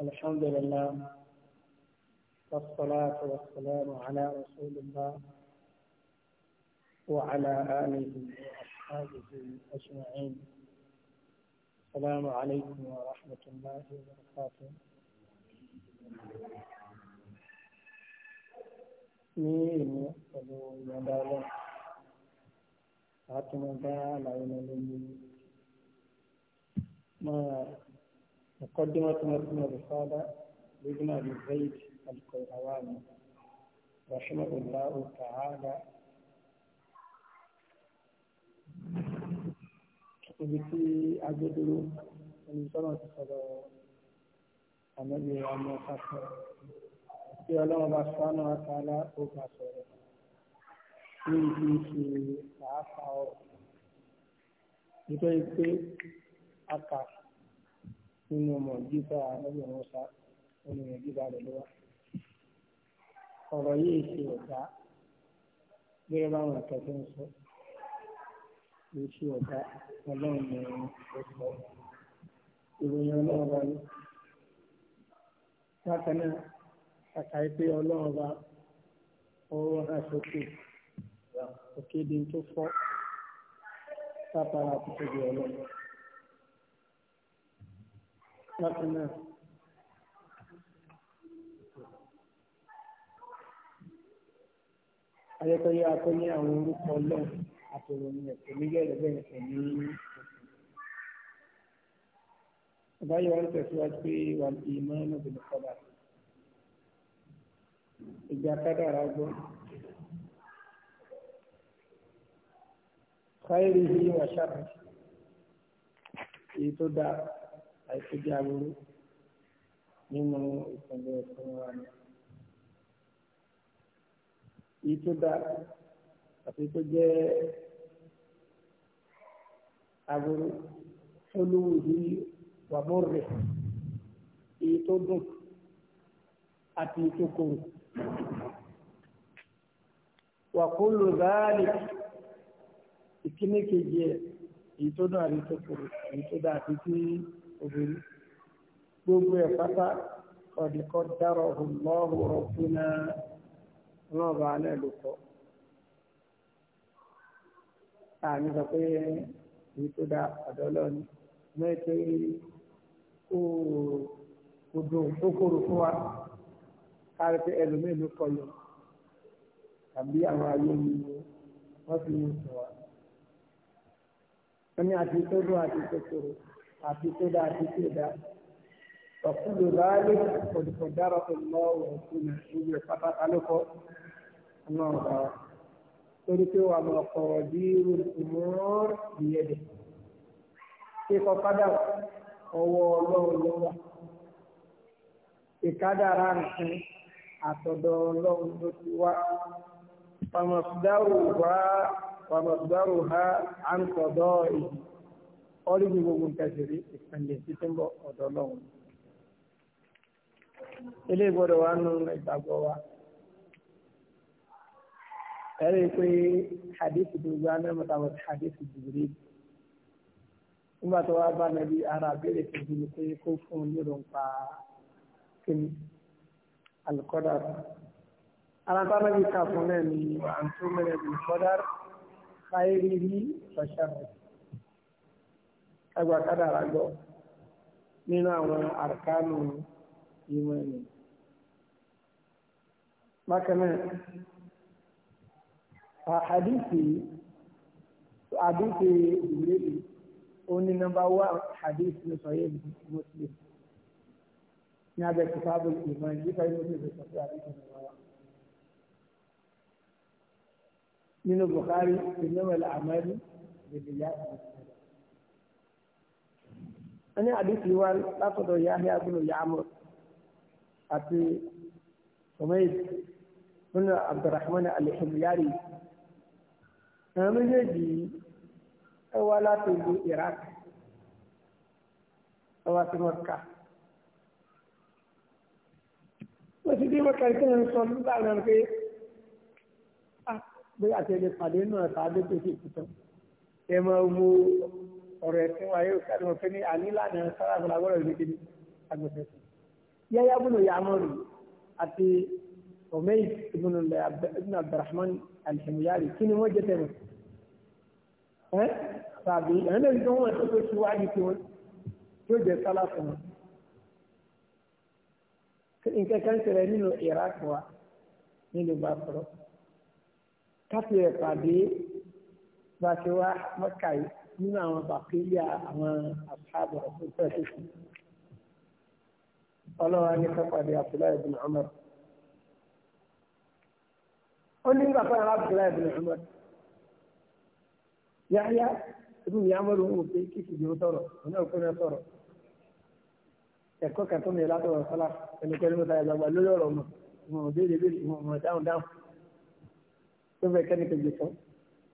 الحمد لله والصلاة والسلام على رسول الله وعلى آله وأصحابه أجمعين السلام عليكم ورحمة الله وبركاته مين يقبل مدالة فاطمة دالة ما مقدمة متن الرسالة لابن أبي زيد القيرواني رحمه الله تعالى ibi tí agbẹ́dúró ẹni sọ́nà ti sọ̀rọ̀ àmọ́bí ọmọ pàṣẹ tí ọlọ́run bá sọ́nà àtàlà ó gbà sọ̀rọ̀ ní ibi ìṣe àáfà ọ̀rọ̀ nítorí pé a kà nínú ọmọ jíta ẹgbẹ́ wọn sá nínú ọmọ jíta rẹ̀ lọ́wọ́. ọ̀rọ̀ yìí ṣe ọ̀dá gẹ́gẹ́ báwọn akẹ́kọ̀ọ́ ń sọ kì í ṣe ọ̀dá ọlọ́run ní ọ̀sọ̀ ìròyìn ọlọ́run bá ní. bákan náà àkàrí pé ọlọ́run bá ọwọ́ hàn sókè òkèdè tó fọ́ sápára àti tóbi ọlọ́run bákan náà. ayẹkọyẹ akọ ní àwọn orúkọ Ọlọ́run àtòròyìn ẹ̀kọ́ nígbẹrẹ bẹ́ẹ̀ ẹ̀kọ́ ní báyọ̀ wọn tẹ̀síwájú pé wà ní ìmọ̀ náà bẹ̀rẹ̀ kọ́dà ìgbà kádàrá gbọ́. káyọ̀rì yìí wà ṣáàpù èyí tó dáa àìsíjà aburú nínú ìpínlẹ̀ ẹ̀kọ́ wa ni. Èyí tó dáa àti tó jẹ́ aburú olówó ìlú wàmúrẹ̀ èyí tó dùn àti èyí tó kòrò. Wàkúlù dáàlì ìkíní kejì ẹ̀ èyí tó dùn àti tó kòrò èyí tó dáa àti tí obìnrin gbogbo ẹ̀ pátá ọ̀dìkọ́ dárọ̀ ọ̀hùnmọ́ọ̀hùn ọ̀fúnà ọlọ́ọ̀bà alẹ́ ló kọ́. àmì sọ pé èyí tó dá ọ̀dọ́ lọ́ni mẹ́tẹ́ odò kókòrò fún wa kárí pé ẹlòmíì ló kọlù tàbí àwọn ayé mi wọ́n fi ń sọ wa. wọ́n àti tó dùn àti tó kóró àti tó dáa àti tó dáa ọ̀kúlù ráálé kọ̀dùkọ̀dárọ̀ ọ̀lọ́ ọ̀kúnà ìlú pátákà ló kọ́ ọlọ́run bá wa torí pé wà lọ kọ̀rọ̀ bí ìmúràn ìyẹ̀dẹ̀ kíkọ kádà ọwọ́ ọlọ́run ló wà ìkádàrá nǹkan àtọ̀dọ̀ ọlọ́run ló ti wá pàmọ̀sídáwò ha àǹkọ̀dọ̀ ìdí ọrí ní gbogbo nǹkan ṣe rí ìpínlẹ̀ títí ń bọ̀ ọ̀dọ̀ ọlọ́run ilé ìgbọ́dọ̀ wa nù ìgbàgbọ́ wa ẹ̀rí pé hadith gbogbo anamọ̀ta wọ̀ hadith jìbìrì nígbà tó wá bá nàbí ara abẹ́rẹ́ kejì ni pé kó fún un nírò ń pa kíni alikọ́dà ara tó nàbí kà fún náà ni àǹtó mẹ́rẹ̀ bí kọ́dà báyìí rí rẹ̀ ẹgbà kádàrá gbọ́ nínú àwọn àrkánù ìmọ̀ ẹ̀yìn. Bákan náà, àdìsí àdìsí ìlérí ó ní nọ́mbà wá àdìsí ní sọ̀yẹ́ Muslim ní abẹ́ kìtàbù ìmọ̀ ẹ̀yìn nípa ìmọ̀ ẹ̀yìn sọ pé àdìsí Bukhari, ìnáwó àmàlí, bèbè yá wọ́n ní àdìsí wa látọ̀dọ̀ Yahya ibn Ya'mur àti Umayd ibn Abdurrahman al-Himyari àwọn méjèèjì ẹ wá láti ìlú Iraq ẹ wá sí Mọ́kà wọ́n ti dé Mọ́kà ìkẹ́ ń sọ nígbà náà pé ah, bí àti ẹni pàdé náà tàbí tó ti kùtàn ẹ máa ọ̀rọ̀ ẹ̀sìn wa yóò kẹ́rin òfin ní ànílànà sára àgbàlá gbọ́dọ̀ ìlú kejì agbèsè sí. yáyá bùnú yàmọ́rù àti omeyi ibùnú abdulrahman alhimuyari kí ni wọ́n jẹ́ tẹ̀lé. ẹ tàbí ẹ̀rọ náà tó wọ́n tó tó ti wáyé tí wọ́n yóò jẹ́ sálá wọn. nǹkan kan ṣẹlẹ̀ nínú iraq wa nílùú bá sọ̀rọ̀ káfíẹ̀ pàdé bá ti wá mọ́kà yìí nínú àwọn bàkíríà àwọn àṣàbọ̀ ọ̀sẹ̀ tuntun ọlọ́wà ní kápàdé Abdullahi bin Umar ó ní nígbà fún Abdullahi bin Umar Yahya ibi mi amadu ń wòpe kí ìṣèjì ó sọ̀rọ̀ òun náà kó náà sọ̀rọ̀ ẹ̀kọ́ kàtó mi látọ̀rọ̀ sọ́lá ẹnikẹ́ni mọ́ta ìgbàgbà lórí ọ̀rọ̀ mọ̀ ìmọ̀ òbí ìdèbí ìmọ̀ ọ̀dáhùn dáhùn tó fẹ́ kẹ́ni kejì sọ́ọ́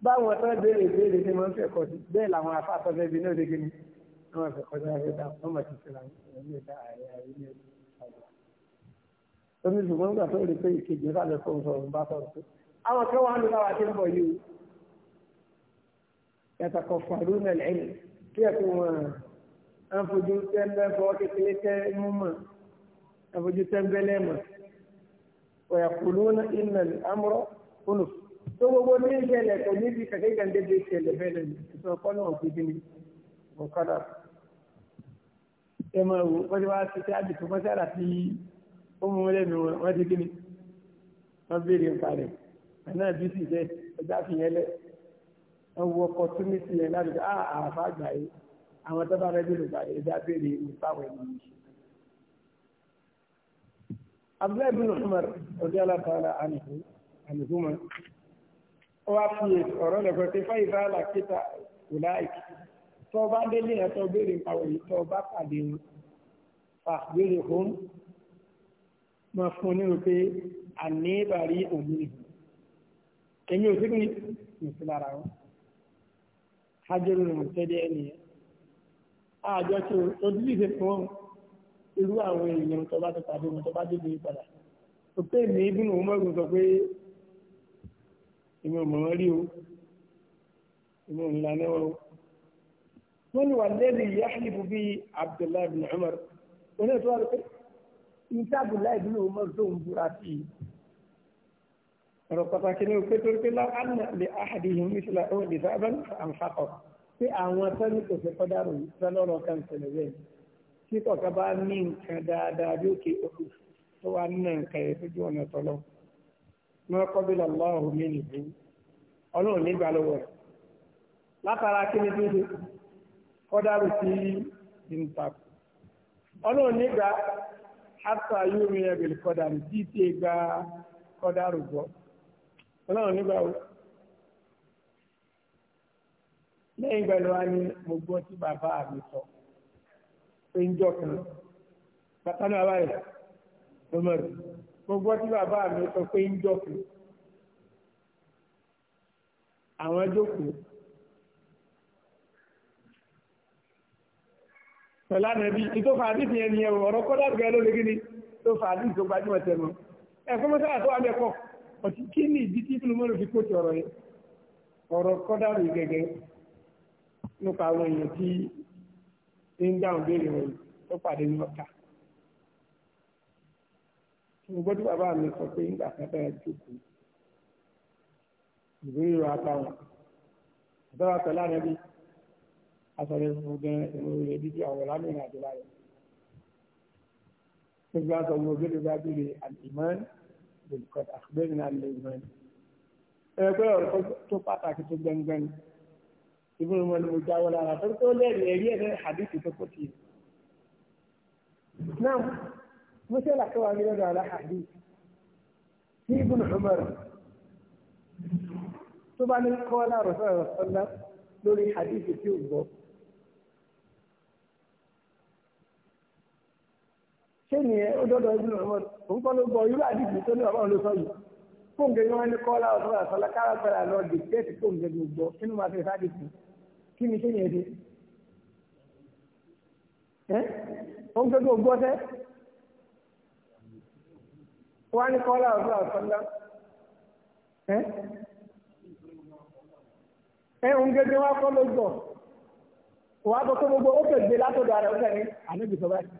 báwọn tó béèrè béèrè tí wọ́n fẹ́ kọ́ sí bẹ́ẹ̀ làwọn afáfẹ́fẹ́ bí náà dégé ní wọ́n fẹ́ kọ́ sí afẹ́ dáhùn wọ́n mọ̀ sí sí làwọn ẹ̀mí ẹ̀dá ààrẹ ààrẹ ní ẹ̀dá ààrẹ. omi ṣùgbọ́n nígbà tó rí pé ìkejì ń sàlẹ̀ fóun sọ̀rọ̀ ń bá sọ̀rọ̀ pé àwọn kan wà ń lọ àti ń bọ̀ yìí yàtọ̀ kọ̀ fàrú nàlẹ́ kí ẹ̀ kó wọn àfojú tẹ́ńbẹ́fọ́ kékeré tẹ́ mú mọ̀ àfojú tẹ́ńbẹ́lẹ́ mọ̀ ọ̀yà kùlú náà ìnàlẹ́ àmúrọ̀ kùnùf tó gbogbo ní ìṣẹ̀lẹ̀ tó níbi kẹ̀kẹ́ gàǹdébi ìṣẹ̀lẹ̀ bẹ́ẹ̀ lẹ́nu ìṣọ̀kọ́ náà fi dín ní ọ̀kadà ẹ máa wò wọ́n ti wá ti ṣe àdìsọ́ wọ́n sára fi ó mú lẹ́nu wọ́n ti kíni wọ́n béèrè ń parẹ́ àná bí sì jẹ́ ẹja fi yẹn lẹ̀ wọ́n wo opportunity yẹn láti á àfa àgbà yìí àwọn tó bá rẹ bí lùgbà yìí ẹja béèrè ìpàwọ̀ ẹ̀mọ́ yìí. Abdullahi bin Umar ọdí alábàárà ànìkú ànìkú mọ́ ó wá fi ọ̀rọ̀ lẹ́kọ̀ọ́ pé fáyìfà làkítà ọ̀láìkì tó o bá délé yẹn tó o béèrè nípa wọ̀nyí tó o bá pàdé wọn fà béèrè fún máa fún un nínú pé àníbàárí òun ni èmi ò sí kí ni sí lára wọn hajjẹ́rù nù tẹ́lẹ̀ ẹni yẹn àjọ tó o dídì ṣe fún wọn irú àwọn èèyàn tó bá ti pàdé wọn tó bá dé ìpadà òpé mi bí mo sọ pé èmi ò mọ̀ wọ́n rí o èmi ò ń lanẹ́ wọn o. wọ́n ní wà lẹ́nu yahlifu bíi abdullahi bin umar oní ìtura rẹ̀ pé níta abdullahi bin umar tó ń búra sí i. ọ̀rọ̀ pàtàkì ni o torí pé láwọn àna lè áhàdì yìí ní ìṣẹ̀lẹ̀ ọ̀hún lè sábà ń pé àwọn sẹ́ni kò fẹ́ kọ́ dárò sẹ́lọ́rọ̀ kan ṣẹlẹ̀ bẹ́ẹ̀ tí kọ̀ọ̀kan bá ní nǹkan dáadáa bí ó ké oṣù tó wà ní nǹkan ẹ̀ sójú ọ̀nà tọ́lọ́wọ́. ma qabila Allahu minhu ọlọ́run nígbà lọ́wọ́ rẹ̀ látara kíni tó ṣe kọ́dárù sí ìntàkù ọlọ́run nígbà hatta yóò gba kọ́dárù gbọ́ ọlọ́run nígbà o lẹ́yìn ìgbà mo gbọ́ tí bàbá mi sọ pé ń jókòó àwọn jókòó pẹ̀lú ànàbí ìtò fàádì fi ẹni ẹ̀rọ ọ̀rọ̀ kọ́dà gẹ́ ló lè gíní tó fàádì tó gbajúmọ̀ tẹ̀mọ́ ẹ̀kọ́ mọ́sára tó wà mẹ́kọ̀ ọ̀tí kí ni ìdí tí ìbìlú mọ́rọ̀ fi kó ti ọ̀rọ̀ yẹn ọ̀rọ̀ kọ́dà rè gẹ́gẹ́ nípa àwọn èèyàn tí ń dáhùn béèrè wọn tó pàdé ní ọ̀tá mo gbọ́dọ̀ bàbá mi sọ pé nígbà kan bẹ́ẹ̀ jókòó ìwé ìrọ̀ àtàwọn àtàwọn pẹ̀lú àrẹ́bí asọ̀rọ̀ ìfún gan ìwé ìrẹ̀ bíbí àwọn lámì ìrìn àjò láyọ̀ nígbà sọ wọn gbé lóba bíi al-iman bil-qad akhbirna al-iman ẹgbẹ́ ọ̀rọ̀ tó pàtàkì tó gbẹngbẹ́ni ìbí mi ni mo jáwọ́ lára tó tó lẹ́rìí ẹ̀rí ẹ̀rẹ́ hadith tó kó tì í مثل أكواني على حديث في ابن عمر طبعا القول رسول الله صلى الله عليه وسلم لولي حديث في أبو kéènì ẹ ó dọ́dọ̀ ẹbí ọmọ òun kọ́ ló gbọ́ irú àdìsí tó ní ọlọ́run ló sọ yìí fóun gẹ́gẹ́ wọn ní kọ́lá ọ̀sán àsọlá kára pẹ̀lú àlọ́ dìtẹ́ẹ̀tì fóun gẹ́gẹ́ gbọ́ nínú máa fi sáàdìsí kí ni kéènì ẹ dé ẹ òun gẹ́gẹ́ gbọ́ sẹ́ wọ́n á ní kọ́lá ọ̀sán àtọ́lá ẹ́ ẹ́ ń gẹ́gẹ́ wá kọ́ ló gbọ̀ wọ́n á bọ́ tó gbogbo ó kẹ̀gbẹ́ látọ̀dọ̀ ara ọ̀sẹ̀ ní ànábì sọ báyìí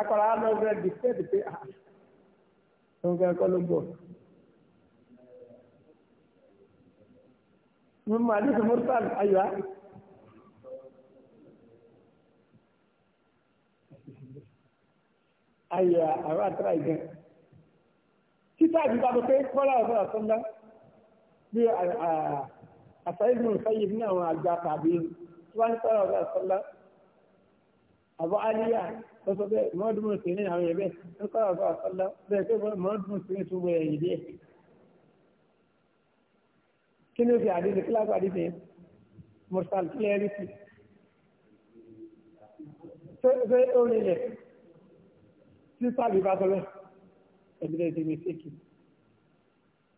akọ̀rọ̀ á lọ rẹ̀ dì pé pé à ń gẹ́gẹ́ kọ́ ló gbọ̀. mo máa ní sọmọ́tàn ayọ̀ ayọ̀ àwọn àtàrà ìgbẹ́ títà ìgbà tó pé kọ́lá ọ̀sán ọ̀sán náà bí àṣàyẹ̀dùn ìfẹ́yì ní àwọn àgbà tàbí tí wọ́n ń kọ́lá ọ̀sán ọ̀sán náà àbọ̀ aliyah tó sọ pé mọ́ọ́dúnmọ́ sí ní àwọn ẹ̀bẹ̀ ń kọ́lá ọ̀sán ọ̀sán náà bẹ́ẹ̀ pé mọ́ọ́dúnmọ́ sí ní túbọ̀ ẹ̀yìn díẹ̀ kí ni ó fi àdéhùn kí àdéhùn yẹn mọ̀sán kílẹ̀ ṣé ó rí lẹ̀ títà ìgbà tó lẹ́yìn ẹgbẹ́ ti mi ṣèkì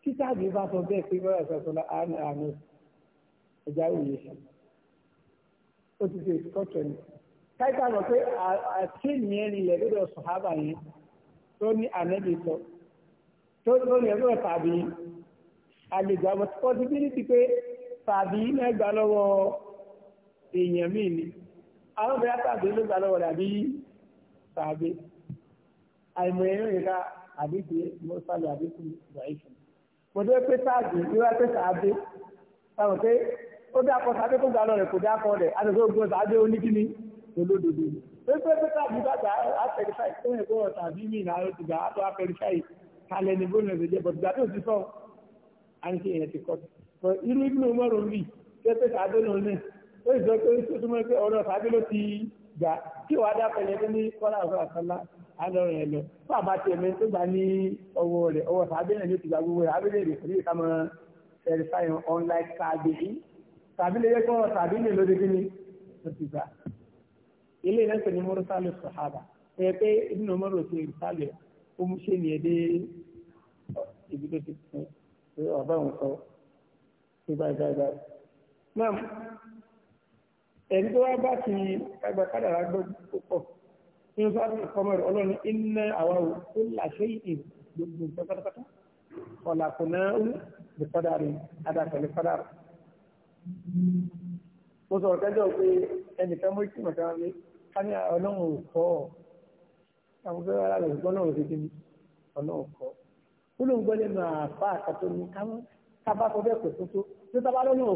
títà bí bá sọ bẹ́ẹ̀ pé bọ́ọ̀rọ̀ sọ̀tọ̀lá àánú àánú ẹ̀já òye ó ti ṣe ìsọ́tọ̀ ni káìka mọ̀ pé àtìní ẹni ilẹ̀ lọ́dọ̀ sọ̀hábà yẹn tó ní ànẹ́bí sọ tó tó ní ẹgbẹ́ tàbí àlejò àmọ́ tí wọ́n ti bí ti pé tàbí náà lọ́wọ́ èèyàn míì ni àwọn obìnrin tàbí ló gbà lọ́wọ́ dàbí tàbí àìmọ̀ ẹ̀yìn ìka àdéhùn mọ́sálẹ̀ àdéhùn ìgbàyẹ̀sùn. Kòdó pé táàgì ìwé pé sàábé táwọn pé ó dákọ̀ sàábé tó gbà lọ rẹ̀ kò dákọ̀ rẹ̀ àtẹ̀sọ́ ogun sàábé ó ní kí ni olódodo. Pé pé pé táàgì dàgbà àtẹ̀rífàì tó yẹ kó wọ̀ tàbí mí ìlànà ti gbà àtọ̀ àtẹ̀rífàì kalẹ̀ ní bóyá ìrẹsẹ̀ bọ̀dùgbà tó ti sọ àníṣe yẹn ti kọ́. Irú ibi ló mọ̀rọ̀ rí pé pé sàábé lọ náà ó sì sọ pé ó túnmọ̀ pé ọ̀rọ̀ sàábé ló ti gbà kí wàá dákọ̀ yẹn alọ́rùn ẹ̀ lọ fún àbá tiẹ̀ mẹ́rin tó gbà ní ọwọ́ rẹ̀ ọwọ́ sàbẹ̀ náà ní ti gba gbogbo rẹ̀ abẹ́lẹ̀ rẹ̀ kìí ká máa online tàbí yìí tàbí lè yẹ kó ọ̀rọ̀ tàbí lè lóde kí ni ó ti gbà. ilé náà ń pè ní mọ́rọ́sálù sọ̀hábà ẹ pé nínú mọ́rọ̀ ti ìrìsálù ó mú ṣe nìyẹn dé ibi tó ti kú pé ọ̀bá òun sọ ẹni tó wá bá ti agbàkádàrá gbọ́ púpọ̀ ní sọ́ọ́dún ìkọmọ rẹ̀ ọlọ́run iná àwọn òkú làṣẹ ìhìn gbogbo nǹkan pátápátá ọ̀là kò náà ń lè padà rìn adàpọ̀ lè padà rìn. mo sọ̀rọ̀ kẹjọ pé ẹnìkan mú ìkìmọ̀ kan ní káni ọlọ́run ò kọ́ ọ̀ àwọn fẹ́rẹ́ ara rẹ̀ gbọ́n náà ò ṣèké ni ọlọ́run kọ́ ó lóun gbọ́ lẹ́nu àpá àkàtọ́ ni káwọn tábà kọ́ bẹ́ẹ̀ kò tó tó tábà lọ́run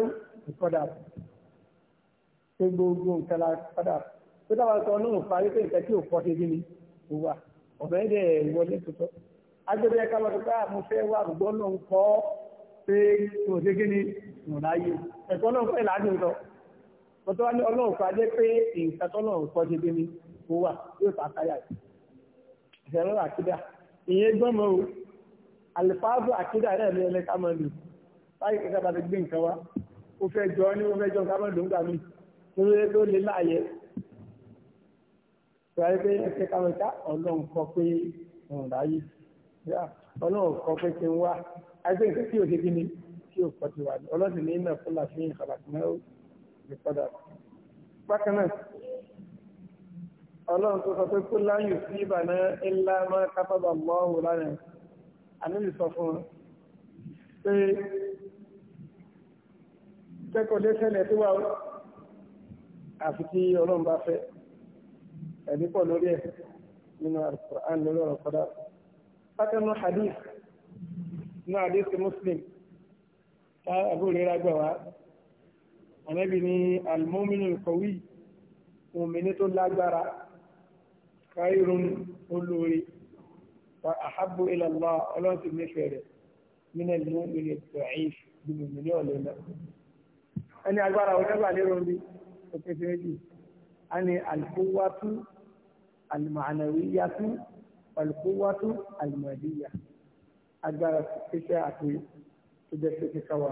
ò ìkọ́dà pé gbogbo nǹkan la kọ́dà pé táwa sọ náà parí pé nǹkan tí ò pọ́ tẹ́bí ni ó wà ọ̀bẹ dẹ̀ wọlé tuntun agbẹ́bẹ́ ká lọ́dọ̀ pé àmú ah, fẹ́ wà gbọ́ náà ń kọ́ pé kò sí kí ni mò láyé ẹ̀kọ́ náà fẹ́ láàdùn lọ mo tó wá ní ọlọ́run pa jẹ́ pé nǹkan tó náà pọ́ tẹ́bí ni ó wà yóò ta káyà ìṣẹ̀rọ àkídà ìyẹn gbọ́n mọ́ o àlùfáàbù àkídà rẹ̀ ní ẹlẹ́ka mọ́ ó fẹ́ jọ ní ó fẹ́ jọ sábà ló ń gbà mí torí pé ó lè láàyè ìwáyé pé ẹsẹ̀ káwọn ìta ọlọ́run kọ pé òun ráyè ọlọ́run kọ pé kí n wá àìsí nǹkan tí ò kí ni tí ò pọ̀ ti wà ní ọlọ́sìn ní ìmọ̀ fúnlá sí ìkàlàkùn náà lè padà. bákan náà ọlọ́run tó sọ pé kó láyò sí ìbànú ńlá máa kápábà mọ́ òun lánàá àníbi sọ fún un pé jẹ́kọ̀ọ́dé ṣẹlẹ̀ tí wà àfi tí ọlọ́run bá fẹ́ ẹ̀dí pọ̀ lórí ẹ̀ nínú Al-Qur'an lórí ọ̀rọ̀ kọ́dá pátánu hadith náà hadith Muslim tá àbúrò rẹ̀ gbà wá ànábì ní al-mu'minu al-qawi òmìnir tó lágbára khairun olórí wa ahabbu ila Allah ọlọ́run ti nífẹ̀ẹ́ rẹ̀ nínú al-mu'min ad-da'if bí mòmìnir ọ̀lẹ́ ẹni agbára onígbà lérò ní òkèèfé méjì a ní alquwwatu alma'nawiyyatu walquwwatu almadiyya agbára fífẹ́ àti tójẹ́ fífẹ́ káwa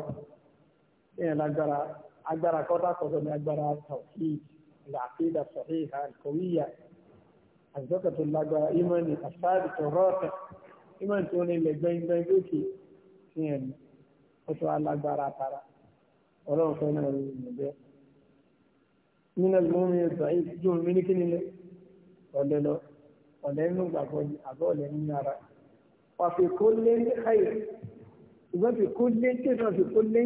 ìyẹn lágbára agbára kọ́tà kọ́tà ní agbára tawhid al-aqida sahiha al-qawiyya àjọkà tó lágbára ìmọ̀ni àṣáàdì tó rọ́ọ̀tà ìmọ̀ni tó ní ilẹ̀ gbẹ̀ngbẹ̀ lókè ìyẹn ó alágbára tara ọlọ́run fẹ́ náà ní ìbẹ́ nínú ìmọ̀mí ẹgbà yìí jó mi ní kíni lẹ ọ̀dẹ lọ ọ̀dẹ nínú gbàgbọ́ yìí àbọ̀ ọ̀dẹ nínú ara pàfẹ kó lé ní ayé ìgbọ́n fi kó lé kéèyàn fi kó lé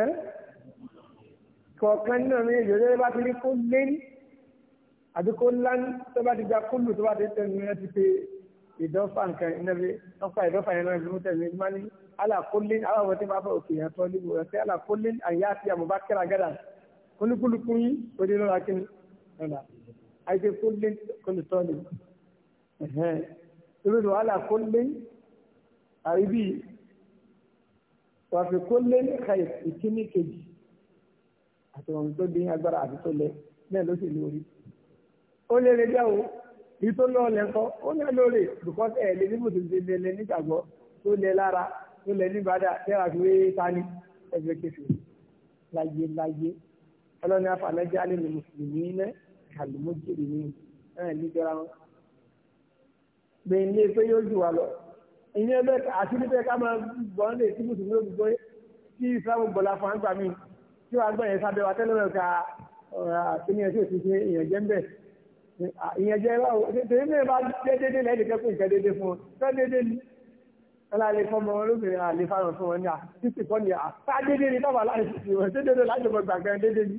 ẹ kọ̀ọ̀kan nínú mi ìjọba bá ti rí kó lé ní àbí kó ńlá ní tó bá ti gba kúlù tó bá ti tẹnu ẹ ti pe ìdọ́fà nǹkan ìnáwó ọ̀fà ìdọ́fà yẹn náà ìlú tẹ̀lé ìdúmọ́ alákólé àwọn ọmọ tí wọ́n fẹ́ òkè yẹn tọ́ ala rẹ̀ sí alákólé àyà àti àmọ̀bá kẹ́ra gẹ́dà oníkúlùkù yín òde lọ́la kíni lọ́la àìsè kólé kólé tọ́ ni ìrònú alákólé àríbí wàfi kólé kàyè ìkíní kejì àti wọn tó dín agbára àti tó lẹ bẹ́ẹ̀ ló sì lórí ó lé lè jẹ́ o ìtò lọ́ọ̀lẹ́kọ́ ó lé lórí bùkọ́sẹ̀ ẹ̀ lé níbùsùn ti lé lé nígbàgbọ́ tó lé lára tó lẹ̀ ní ìbàdà tẹ́ra fi wé tani ẹgbẹ́ kéfì láyé láyé ọlọ́ni afàlẹ́jà lè mùsùlùmí iná kàlùmọ́jèrè ní ẹ̀ níjọra wọn. gbẹ̀yìnlé pé yóò jù wá lọ ìyẹn ẹgbẹ́ àti níbẹ̀ ká máa bọ̀ ń lè tí mùsùlùmí ó gbọ́ tí ìsìlámù bọ̀lá fún àgbà mi tí wàá gbọ́ yẹn sábẹ́ wa tẹ́lẹ̀ mẹ́rin ká kíni ẹ̀sìn òsì ṣe ìyẹn jẹ́ ń bẹ̀. ìyẹn jẹ́ báwo tèmi bá déédéé lẹ́yìn kẹ́kọ̀ọ́ ìkẹ́ láàrin fọ́mọ olóbìnrin àlè fáwọn fún wọn ní àtìsí kọ́ ní àtàdédé ní tọ́wà láìsí ìwọ̀n tó dédé láti gbọ̀gbà kan dédé ní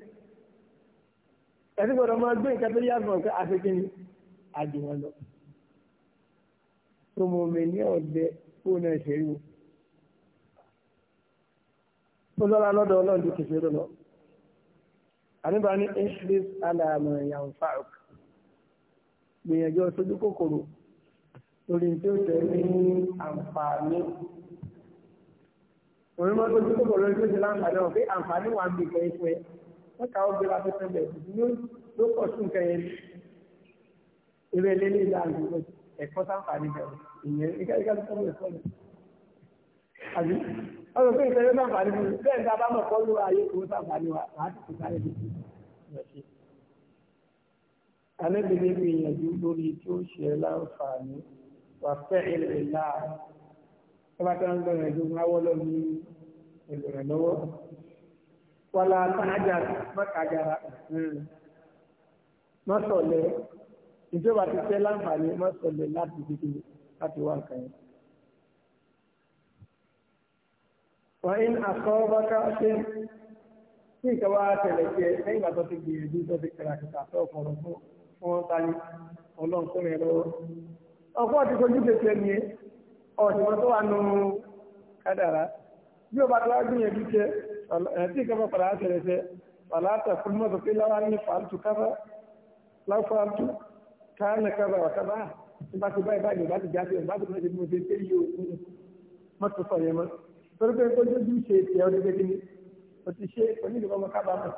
ẹ̀sìn gbọ́dọ̀ máa gbé nǹkan tó yàgbọ̀n pé àfikún ní àjùmọ̀ lọ tó mọ omi ní ọ̀dẹ ó náà ṣe rí ó lọ́la lọ́dọ̀ ọlọ́run tó kìí ṣe lọ àníbà ní insulis alamọ̀ ìyàwó fáwọn gbìyànjú ọ̀ṣojú kòkòrò torí tí ó tẹ̀ ní àǹfààní òun mọ́ tó tí kò lórí tó ti láǹfààní ọ̀ pé àǹfààní wà ń bì kẹ́ ipò ẹ̀ wọ́n kà ó gbéra tó tẹ́lẹ̀ ní ló pọ̀ sí nǹkan yẹn ìrẹ́ lé ní ìlà àdúgbò ẹ̀kọ́ sáǹfààní bẹ̀rẹ̀ ìyẹn ìkẹ́kẹ́ tó tọ́lẹ̀ sọ́lẹ̀ àbí ọ̀rọ̀ pé ìṣẹ́lẹ̀ sáǹfààní mi bẹ́ẹ̀ ní abá mọ̀ kọ́lù ayé kò sáǹfààní wa láti kò sáré bí alẹ́ bèbè gbìyànjú lórí tí ó ṣe láǹfààní wàfẹ́ẹ̀lì ìlà tọ́bátà ń lọ ìrìnàjò máwọ́ lọ́mí ìrìnàlọ́wọ́ wàlá tànájà mọ́kàjára mọ́sọ̀lẹ̀ ìjọba ti fẹ́ láǹfààní mọ́sọ̀lẹ̀ láti fi láti wá nǹkan yẹn. wọ́n ń àkọ́bọ́ká ṣe kí nǹkan wá tẹ̀lẹ̀ jẹ lẹ́yìn ìgbà ti gbìyànjú tó ti kẹ̀rà kẹta tó ọkọ̀ fún wọn ta ọlọ́run tó rẹ̀ lọ́wọ́ ọ̀pọ̀ ti kojú kèsì ẹni ẹ ọ̀sìnmọ́ tó wà nù kádàrá bí o bá tó wá gbìyànjú tẹ ẹtí ìkẹfọ padà á tẹrẹ tẹ fàlàtà fún mọ́tò pé láwa ní fàlùtù kábà láfàlùtù káàlẹ kábà wà kábà nígbà tó báyìí báyìí bá ti já sí ìbá tó tó ṣe bí mo ṣe tẹ yìí o mọ́tò sọ yẹn mọ́ torí pé kó lójú ṣe tẹ ọ dédé kí ni o ti ṣe onídìbọn mọ kábà mọ́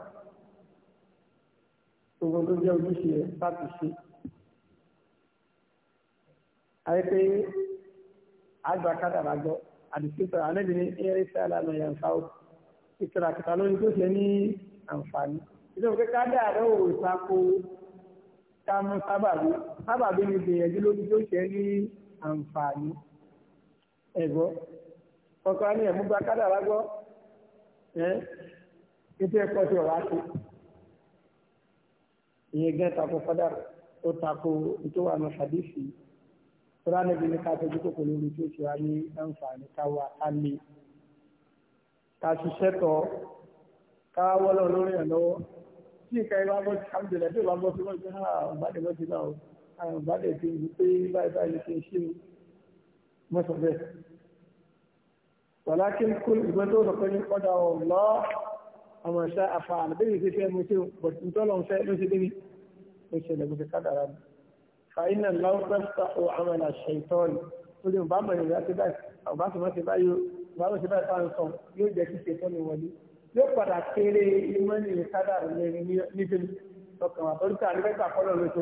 àyẹ̀pẹ́ àgbà kádàrà gbọ́ àdìsíkọ̀ ànẹ́bí ní eré sálà lọ yàn fáwọ́ ìtura kìtà lórí tó ṣe ní àǹfààní. ìṣòro pé kádàrà ò ìtako támú sábàbí sábàbí ni gbìyànjú lórí tó ṣe ní àǹfààní. ẹ̀gbọ́ ọkọ̀ ni ẹ̀mú gba kádàrà gbọ́ ẹ́ ètò ẹ̀kọ́ tí ọ̀rá ṣe ìyẹn gẹ́ta kó kádàrà ó tako ìtòwànú hadisi yìí tọ́lá níbi ní ká tọ́jú kòkò lórí tí ó ṣe wáyé àǹfààní káwa ká lè ká ṣiṣẹ́ tọ́ ká wọ́lọ́ lórí ẹ̀ lọ́wọ́ tí ìka ìwà bọ́ sí àmìlẹ̀ tí ìwà bọ́ sí wọ́n ṣe ń hàn ọ̀bádẹ́ bọ́ sí náà àwọn ọ̀bádẹ́ ti wù pé báyìí báyìí ṣe ń ṣe mọ́sọ̀ bẹ́ẹ̀. wàlákì kú ìgbẹ́ tó sọ pé ní kọ́dà ọ̀lọ́ ọmọ ìṣá àfààní bẹ́ẹ̀ ni ṣe fẹ́ mo ṣe bọ̀tún tọ́lọ́ ń fẹ́ فإن lọ́wọ́ fẹ́fẹ́ àmàlà ṣètọ́ọ̀nì ó يوم bá mọ̀ ìrìn àti báyìí ọba tó máa ṣe báyìí ọba tó ṣe báyìí fáwọn sọ yóò jẹ́ kí ṣètọ́ọ̀nì wọlé yóò padà kéré imọ́ ní ìkádà lẹ́rin níbi lọ́kàn wà torí káà nígbà kọ́lọ̀ lóṣù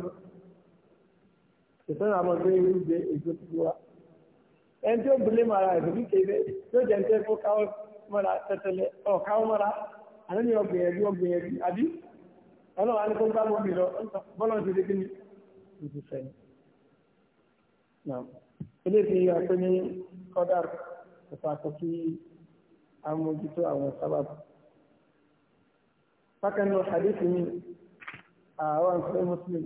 ṣètọ́ọ̀nì àmọ́ gbé irú gbé èso tó wá ẹni tí ó bulé mara ìdòbí kéré yóò jẹ́ nítorí fún káwọ́ mọ́ra tẹ́tẹ́lẹ̀ ọ̀ káwọ́ mọ́ra àlẹ́ ni ọgbìyànjú ọgbìyànjú àbí ọlọ́run á ní kó gbá mọ́bì lọ bọ́lọ́ ti dé kí ni ojú sẹ́yìn. eléyìí apẹ́ ní kọ́dà ìfàkó kí amójútó àwọn sábàbù. bákan náà hadith mi àwọn sọ́yìn muslim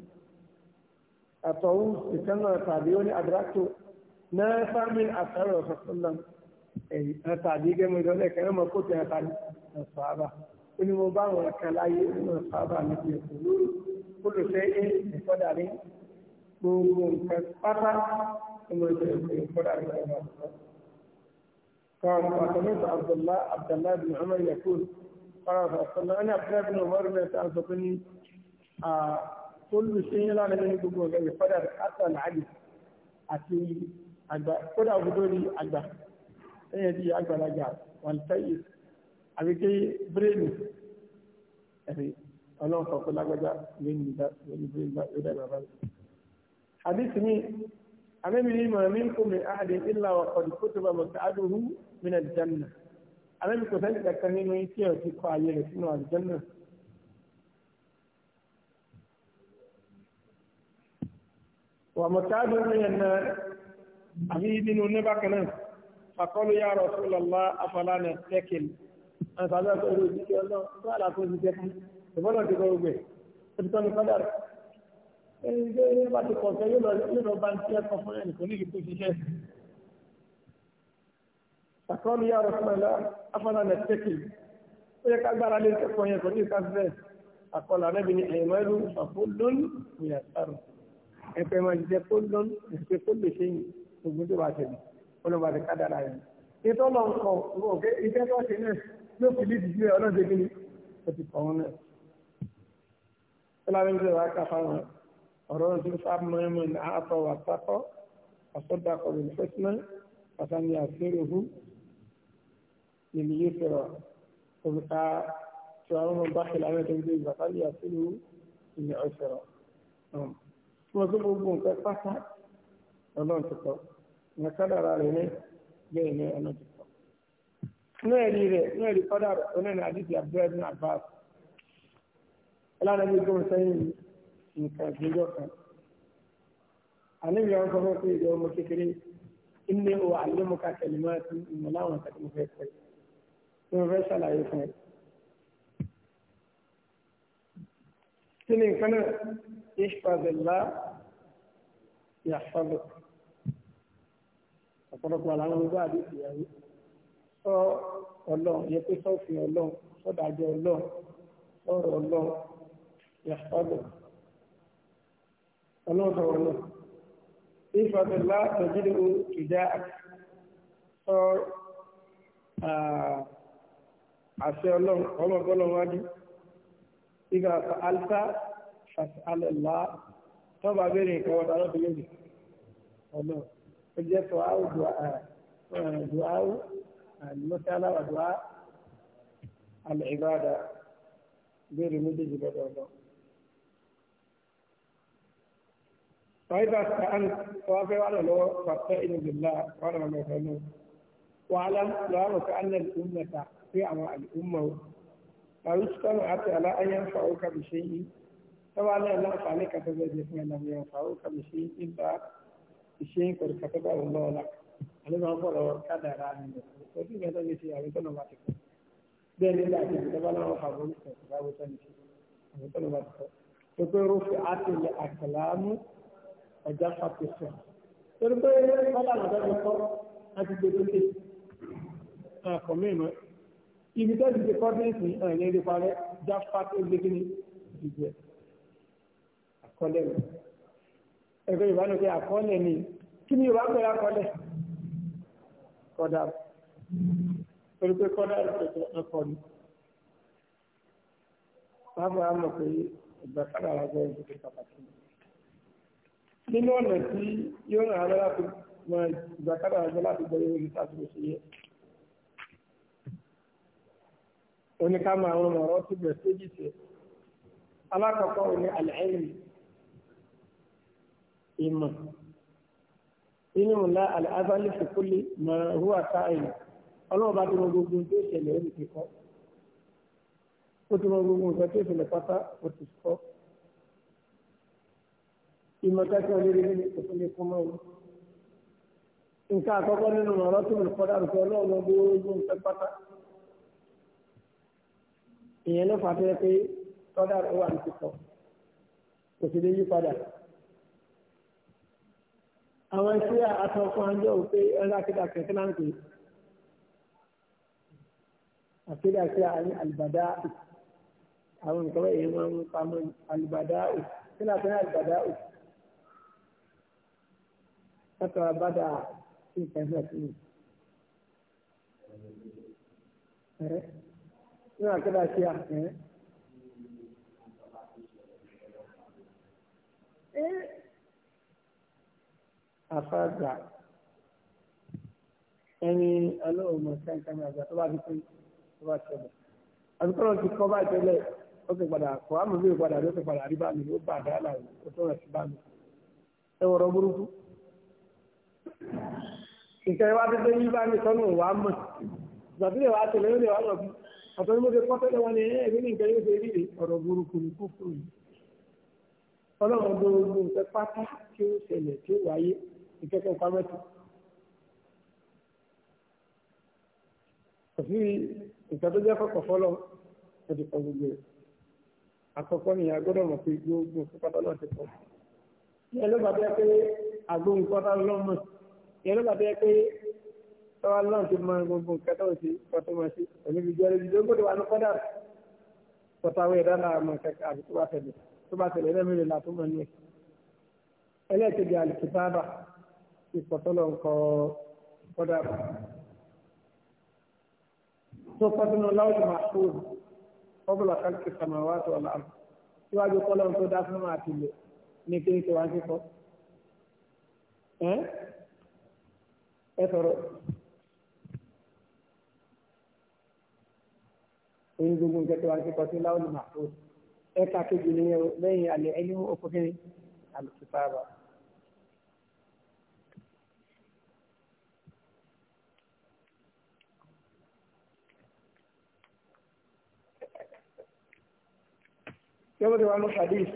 àtọ̀wù ìkànnà tàbí ó ní àdúrákò náà fámì àtàrà ọ̀sọ̀sọ́lá tàbí gẹ́mọ̀ ìdọ́lẹ̀ kan mọ̀ kó tẹ̀ tàbí ẹ̀sọ̀ àbá ó ní mo bá wọn kan láyé nínú ẹ̀sọ̀ àbá gbogbo nǹkan pátá ọmọ ìjọ ìpín fúnra rẹ̀ ọmọ àtúntò. قال فسمعت عبد الله عبد الله بن عمر يقول قال رسول الله انا عبد الله بن عمر يتعذبني كل شيء لا نبي نقول غير قدر حتى العجز àti àgbà kódà òbúdó ní àgbà ẹ̀yẹ̀ di àgbàlagbà wọn tẹ́yì àríké bírèmì ẹ̀rí ọlọ́run sọ̀kọ́ lágbájá lónìí bírèmì bá yọ̀dá bàbá rẹ̀ àdìsí mi àmẹ́mi ní màá mi kò mi àdé ìlà ọ̀dì kó tó bá mọ̀ sí àdúhù mi nà jẹ́nà àmẹ́mi kò sẹ́ni kankan nínú iṣẹ́ ẹ̀ ti kọ ayé rẹ̀ sínú àlùjẹ́nà. wà mọ̀ sí àdúhù mi nà àbí nínú níbà kan náà fàkọ́lù yà Rasulullah afọlá nà tẹ́kìlì àtàlẹ́ ọ̀sẹ̀ ìròyìn ìjọ náà tó àlàkó ti tẹ́kìlì ìbọ́lọ̀ ti kọ́ gbẹ̀ ó ti tọ́ ní kọ́dà rẹ̀ ẹni tó yẹ bá ti kọ̀ọ̀kẹ́ yóò lọ bá ń tiẹ́ kan fún ẹnì kò ní ìlú ṣiṣẹ́. àkọọ́lù yàrá fún ẹ̀lá afọ́nà nẹ̀tẹ́kì ó yẹ ká gbára lé kẹ́kọ̀ọ́ yẹn kò ní ìka bẹ́ẹ̀ àkọọ́lù alẹ́bi ni ẹ̀yìnmọ́ ẹlú àpò lónìí ìyàtàrù ẹ̀pẹ̀ máa jẹ́ kó lónìí ìṣe kó lè ṣe ògùn tó bá tẹ̀lé ọlọ́ba ti ká dára yẹn. ìtọ́ lọ kọ̀ ọ̀gẹ́ iṣẹ́ tó ṣe náà ọ̀rọ̀ tí fámọ́mọ́ ní àtọ̀ wà sákọ́ àsọ́dàkọ̀ lè fẹ́sìnà pàtàkì àṣíròhù ìlúyé sọ̀rọ̀ òbíkà tí wọ́n mọ̀ bá ṣe láwọn ẹ̀dẹ́gbẹ́ ìgbà pàtàkì àṣíròhù ìlú ọ̀ṣọ̀rọ̀. tí wọ́n tó gbogbo nǹkan pátá ọlọ́run ti kọ́ ìyẹn kádàrà rẹ̀ ní bẹ́ẹ̀ ni ọ̀nà ti kọ́. inú ẹ̀rí rẹ̀ inú ẹ̀rí kọ́dà onínà àdìsí àbúrẹ́dún àbáàsì nǹkan ìgbẹ́jọ́ kan. àníyàn sọ fún ìjọ ọmọ kékeré inú ìwà àlẹ́mọ̀ká tẹ̀lémọ́ àti ìmọ̀ láwọn àti mo fẹ́ pẹ́ tí mo fẹ́ ṣàlàyé fún ẹ. kí ni nǹkan náà ìṣpàdélá ìyàfọ́dọ̀ ọ̀pọ̀lọpọ̀ àwọn olùgbọ́ àdéhùn ìyàwó sọ ọlọ́run yẹ pé sọ́ọ̀fin ọlọ́run sọ́dájọ́ ọlọ́run sọ̀rọ̀ ọlọ́run ìyàfọ́dọ̀ ọlọ́dọ̀ wọn náà ìfọ̀dọ̀lá tọ́jú ìdá sọ àṣẹ ọlọ́gbọ́nà wájú ìgbà alfa alẹ́lá tọ́ba bẹ̀rẹ̀ nǹkan wọn tàbí lórí ọ̀nà ó jẹ́ sọ áwùjọ àdùáwù àlùmọ́sí aláwàdùá àlẹ́ ìbáradà méjèèjì lọ́dọọdọ́. فإذا سألت وافي على لو فاستعن بالله وعلى ما يفعلون واعلم لعلمك أن الأمة في الأمة لو اجتمعت على أن ينفعوك بشيء طبعا لا ينفع عليك تزيد من لم ينفعوك بشيء إلا بشيء قد كتبه الله لك أنا ما أقول كذا رأني وفي هذا الشيء أنا أقول ما تقول بين الله جل وعلا وحبوبك وحبوبك أنا أقول ما تقول تقول رفعت الأقلام ẹja pàtẹsẹ torí pé ọlá àgbàdo kọ láti gbé lókè ẹ̀kọ́ mímọ́ ibi tó ti di kọ́dínsì ẹ̀yìn ní ìdíparẹ́ jáfa tó gbé kí ni ìdíjẹ àkọlẹ̀ mi ẹgbẹ́ Yorùbá ló pé àkọlẹ̀ ni kí ni Yorùbá pẹ̀lú àkọlẹ̀ kọ́dà torí pé kọ́dà ìpẹ̀tẹ̀ ẹ̀kọ́ ni báwo á mọ̀ pé ìgbà kádàrá jẹ́ ìdíje pàtàkì ni nínú ọ̀nà tí yóò ràn án láti mọ ìgbàkádà àjọ láti gbọ́ yóò rí sáàtì bó ṣe yẹ. oníkàmọ àwọn ọ̀rọ̀ ti bẹ̀rẹ̀ séjì tẹ̀. alákọ̀ọ́kọ́ ò ní àlẹ́yìn ìmọ̀ inú ńlá àlẹ́ázálẹ̀ fòkúlé mọ̀ húwà táyì ọlọ́run bá ti mọ gbogbo tó ṣẹlẹ̀ ó ti kọ́ ó ti mọ gbogbo nǹkan tó ṣẹlẹ̀ pátá ó ti kọ́ ìmọ̀tẹ́kọ̀ lórí nílé kò tún lè kún mọ́ wọn. nǹkan àkọ́kọ́ nínú ọ̀rọ̀ tó lè kọ́dà lùkọ́ ọlọ́run gbogbo nǹkan pátá. ìyẹn ló fà á pé kọ́dà rẹ̀ wà ní kíkọ́ kò sì lè yí padà. àwọn iṣẹ́ àtọkùn àjọ òpé ẹ̀rọ akéde àkẹ́kẹ́ náà ń pè é. akéde àkẹ́kẹ́ àní àwọn nǹkan wọ̀nyí máa ń pamọ́ àlùbàdà òkú kí ni àtẹ́yẹ àlùbàdà òkú látara bàdà sí nǹkan ìgbà tó yẹ. Ẹ ní àkàdà sí à ẹ. Ẹ àfàgbà ẹni ọlọ́ọ̀mọ̀ sẹ́ńtẹ́mì àgbà tó bá fi pín tó bá ṣẹlẹ̀. Àbíkọ́lọ́ ti kọ́ bá tẹ́lẹ̀ ó ti padà kọ́ àmọ́ bí ó padà ló ti padà rí bá mi ó bà dáàlà ó tó rẹ̀ mi. Ẹ wọ̀rọ̀ burúkú ìṣẹ́ wa tó tó yí bá mi sọ́nà wà mọ̀ ìgbàdúrà wa tẹ̀lé lórí wa lọ́bí ọ̀tọ̀ ni mo ti kọ́ tẹ́lẹ̀ wọn ni èmi ní nǹkan yóò ṣe rí ọ̀rọ̀ burúkú ní kókó yìí ọlọ́run gbogbo nǹkan pátá tí ó ṣẹlẹ̀ tí ó wáyé ìkẹ́kọ̀ọ́ pamẹ́tì kò sí tó jẹ́ kọ̀kọ̀ fọ́lọ́ ó gbogbo rẹ̀ àkọ́kọ́ ni agbọ́dọ̀ mọ̀ pé gbogbo nǹkan pátá náà ti kọ́ yẹn ló pé àgbo pátá lọ́mọ̀ sí ìyẹn ló bàbá pé tọ́wọ́ náà ti mọ gbogbo nǹkan tó ṣe kọ́tọ́ máa ṣe òní fi jọ́ ibi tó gbọ́dọ̀ wà ní kọ́dà pọ̀tàwé ẹ̀dá náà mọ̀ kẹ́kẹ́ àbí tó bá tẹ̀lé tó bá tẹ̀lé ẹ̀rẹ́ mìíràn là tó mọ̀ ní ẹ̀. ẹlẹ́ẹ̀kejì àlùkìtàbà ìpọ̀tọ́lọ̀ nǹkọ́ kọ́dà tó pọ́tùnú láwùjọ máa fóònù ọ̀bùlà kálkì sàmáwáàtò ọ̀làrù síwájú kọ́lọ́ ẹ sọ̀rọ̀ oyin gbogbo nǹkan tó wà ní kọtí láwùlù màfó ẹ ká kéjì nìyẹn o lẹ́yìn àlẹ ẹni oko kiri àlùfáàbà. Yọ́bọ̀dé wa mú Hadith.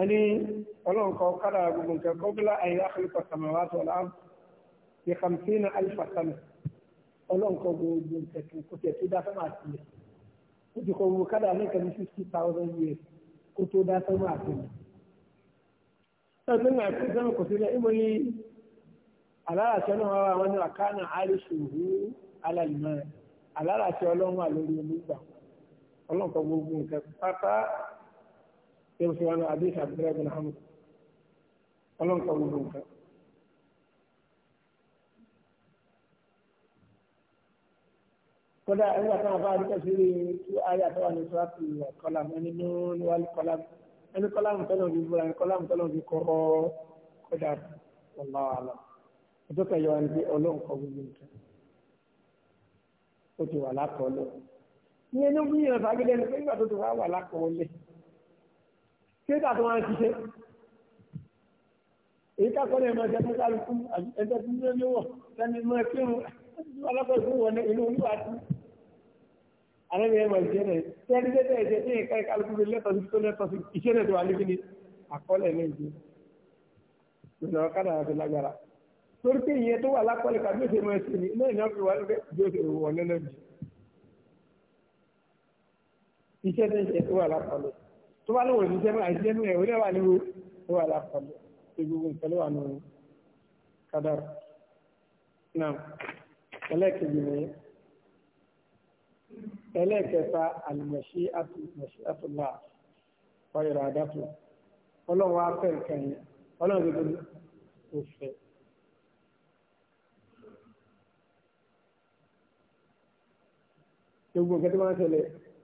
ẹni ọlọ́run kan kára gbogbo nǹkan kọ́bílá ayé àkọlùkọ sàmàwá tó láàmù ní kàmsínà alifasana ọlọ́run kan gbogbo nǹkan kan kò tẹ̀ tó dá sọ́mà àtìlẹ̀ ó ti kọ́ gbogbo kára ní kan ní fifty thousand years kó tó dá sọ́mà àtìlẹ̀. sọ́dún àti sọ́mà kò sílẹ̀ ìmọ̀ ní aláràṣẹ náà wà wọn ní àkànnà àríṣòwò alàlùmọ́ aláràṣẹ ọlọ́run àlórí olùgbà ọlọ́run kan gbogbo nǹkan pátá bí mo ṣe wá ní àdéhùn àbúrò ẹgbẹ́ náà ọlọ́run kan gbogbo nǹkan. kódà ẹgbẹ́ àtàwọn afáàrí kẹsì rí tú ayé àtàwọn ní sọ́ọ́tù kọlàmù ẹni ní wàlú kọlàmù ẹni kọlàmù tọ́lọ̀ fi búra ẹni kọlàmù tọ́lọ̀ fi kọ́ kódà ọ̀la àlọ́ ọjọ́ kẹyọ ẹni pé ọlọ́run kọ gbogbo nǹkan ó ti wà lákọọ́lẹ̀ ìyẹn ló bí ìrẹsà gbẹdẹ pé nígbà tó ti wá wà lákọọ́lẹ̀ kéèkà tó máa ń ṣiṣẹ́ èyí kákọ́ ní ẹ̀mọ́ ẹ̀jẹ̀ tó kálukú ẹ̀jẹ̀ tó ní owó lẹ́nu ẹ̀mọ́ ẹ̀kírun alákọ̀ọ́ tó wọ̀ inú olúwa tó alẹ́ ní ẹ̀mọ́ ìṣẹ́ rẹ̀ tẹ́lí tẹ́tẹ́ ẹ̀jẹ̀ ní ẹ̀ka kálukú lè lẹ́tọ̀ sí tó lẹ́tọ̀ sí iṣẹ́ rẹ̀ tó wà níbi ni àkọọ́lẹ̀ ní ìdí lọ́nà ọ̀kadà àti lágbára torí pé ìyẹn tó wà lákọọ́lẹ̀ kàbí ó ṣe mọ ẹsẹ̀ ni náà ìyẹn fi wà lóde bí ó ṣe wọ̀ lẹ́lẹ́bi iṣẹ́ tó ń wà lákọọ́lẹ̀ tó bá lóun òṣìṣẹ́ mọ́ àìsíṣẹ́ nínú ẹ̀wọ́ náà wà nínú ó wà lápapọ̀ ṣe gbogbo nǹkan ló wà nínú kádàrá náà ẹlẹ́ẹ̀kejì nìyẹn ẹlẹ́ẹ̀kẹta àlùmọ̀ṣí àtúnṣe àtúnlá ọ̀yọ̀rọ̀ àdàtò ọlọ́run wá fẹ́ nǹkan yẹn ọlọ́run gbogbo kò fẹ́. gbogbo nǹkan tó máa ń ṣẹlẹ̀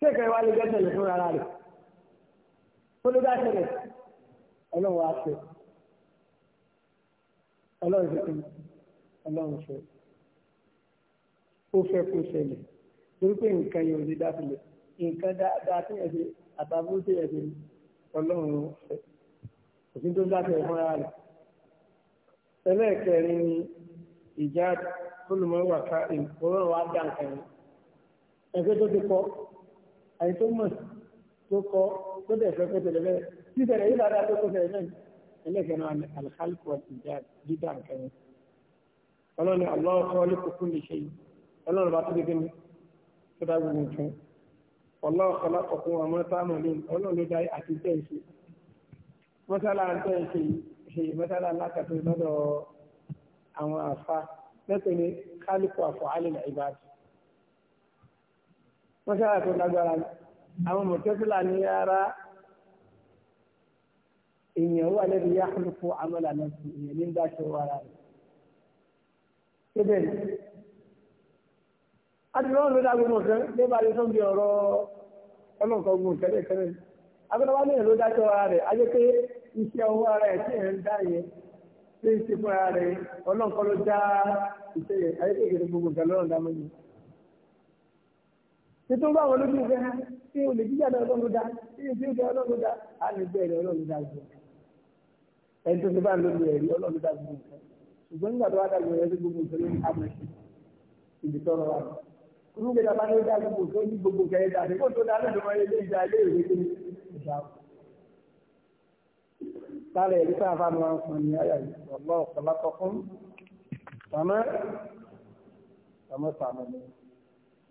ṣéèkì ẹ̀ wá lè gbẹ́sẹ̀lẹ̀ fún ara rẹ̀ ó ló dáṣẹ̀lẹ̀ ọlọ́run wá ṣe ọlọ́run ṣe kìnnì ọlọ́run ṣe ó fẹ́ kó ṣẹlẹ̀ torí pé nǹkan yẹn ò lè dá sílẹ̀ nǹkan dáadáa tí ẹ̀ṣẹ̀ àtàbúrú tí ẹ̀ṣẹ̀ ọlọ́run ṣe òfin tó dáṣẹ̀lẹ̀ fún ara rẹ̀ ẹlẹ́ẹ̀kẹrin ni ìjà olùmọ̀wá ká ìkọ́rọ̀ wá dá nǹkan yẹn ẹgbẹ́ tó ti kọ́ àyè tó mọ̀ tó kọ́ tó dẹ̀ fẹ́ kó tẹ̀lé bẹ́ẹ̀ tí tẹ̀lé yìí dáadáa tó kó tẹ̀lé bẹ́ẹ̀ ẹlẹ́gbẹ̀ẹ́ náà ni alhálùkù àti dídá nǹkan yẹn ọlọ́run ni aláwọ̀ kọ́ lé kókó lè ṣe yìí ọlọ́run bá tó dé dénú tó dá gbogbo nǹkan ọlọ́run kọlá kọ̀kún àmọ́ táàmù ní ọlọ́run dá àti tẹ̀ ṣe ń tẹ̀ wọ́n sára tó lágbára ni àwọn mọ̀tẹ́sílà ní ara èèyàn wà lẹ́bi yá kúlùkù amọ́là náà sí èèyàn ní dáṣọ wàrà rẹ̀. síbẹ̀ ni adìrọ̀ ló dá gbogbo nǹkan lé bá lè sọ́n bí ọ̀rọ̀ ọlọ́nkan gbogbo nǹkan lè ní ìlú dáṣọ wàrà rẹ̀ ajé pé iṣẹ́ owó ara ẹ̀ tí ẹ̀ ń dá yẹn lè ṣe fún ara rẹ̀ ọlọ́nkan ló dá iṣẹ́ yẹn ayé kékeré gbogbo títí ó bá wọn lójú ìfẹ́ hàn tí olè jíjà lọ ọlọ́run dá tí èsì ìfẹ́ ọlọ́run dá á lè bẹ́ẹ̀ lọ ọlọ́run dá gbogbo ẹni tó ti bá ń lórí ẹ̀rí ọlọ́run dá gbogbo nǹkan ṣùgbọ́n nígbà tó wá dá gbogbo ẹ̀rí gbogbo nǹkan lórí amẹ́sì ìdí tọrọ wa kúrú gbé dábàá ló dá gbogbo nǹkan ní gbogbo nǹkan ẹ̀dá àti kóòtù dá lọ́dọ̀ mọ́ ilé ìdá ilé ìwé ní ìdá sáré ẹ̀rí sáà ní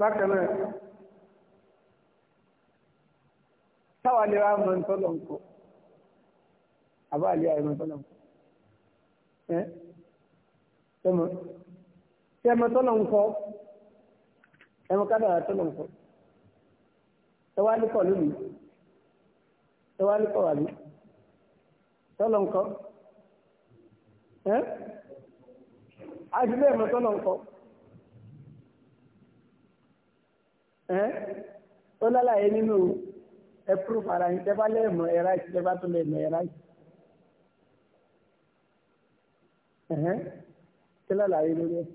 bákan náà táwa ra mọ̀ ntọ́lọ̀ nǹkan àbá àlè àìmọ̀ ntọ́lọ̀ nǹkan ẹ́ tẹmọ tẹmọ tọ́lọ̀ nǹkan ẹmọ kádàrà tọ́lọ̀ nǹkan ẹ wá lónìí ẹ́ àti bẹ́ẹ̀ mọ̀ tọ́lọ̀ ẹ́ ó lálàyé nínú ẹ̀pùrù fara yín tẹ́bá lẹ́ẹ̀mọ̀ ẹ̀rá ìtì tẹ́bá tó lẹ́ẹ̀mọ̀ ẹ̀rá ìtì. ẹ̀hẹ́n kí lálàyé lórí ẹ̀.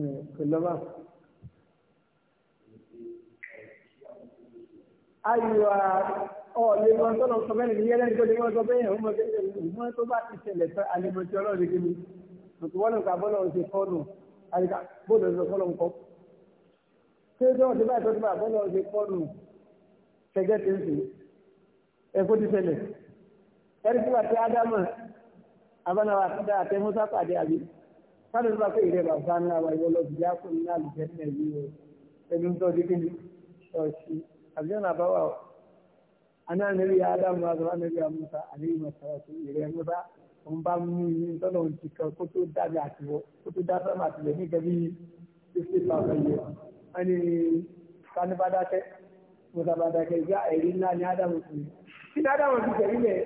ẹ́ kò lọ́wọ́ ọ̀lẹ́ máa tọ́lọ̀ sọ bẹ́ẹ̀ ní yẹ́lẹ́ nígbà lẹ́wọ́n sọ bẹ́ẹ̀ ọmọ ìmọ̀ tó bá ti ṣẹlẹ̀ tán alẹ́mọ̀tí ọlọ́run kí ni tòtòwọ́lù ká bọ́lọ̀ ń ṣe kọ́nù àyíká bóòlù ń sọ kọ́lọ̀ ń kọ́. ṣé tí wọ́n ti bá ìtọ́jú bá bọ́lọ̀ ń ṣe kọ́nù ṣẹgẹ́ ti ń sè ẹ̀kọ́ ti ṣẹlẹ̀ ẹ̀rí tí wàá ti ádámà abánáwá àtúndà àti musa pàdé àbí sáà ló bá pé ìrẹ́ bàbá ńlá wa ìwọ lọ́ọ́ bìyà kò ní àlùjẹ́ nìyẹn yìí kí ni ọ̀ṣì àná níbi ádámù azọlá níbi amúta àníbi mọ̀sáwọ́sọ ìrẹ́ mọ́sá òun bá mú yín tọ́nà òun ti kan kó tó dábì àtiwọ́ kó tó dá sọ́mà àtìlẹ̀ ní gẹ́bí fifty thousand yẹn wọ́n ní sani bá dákẹ́ mọ́sá bá dákẹ́ ìgbà ẹ̀rí ńlá ní ádámù fún mi kí ní ádámù ti tẹ̀lé lẹ̀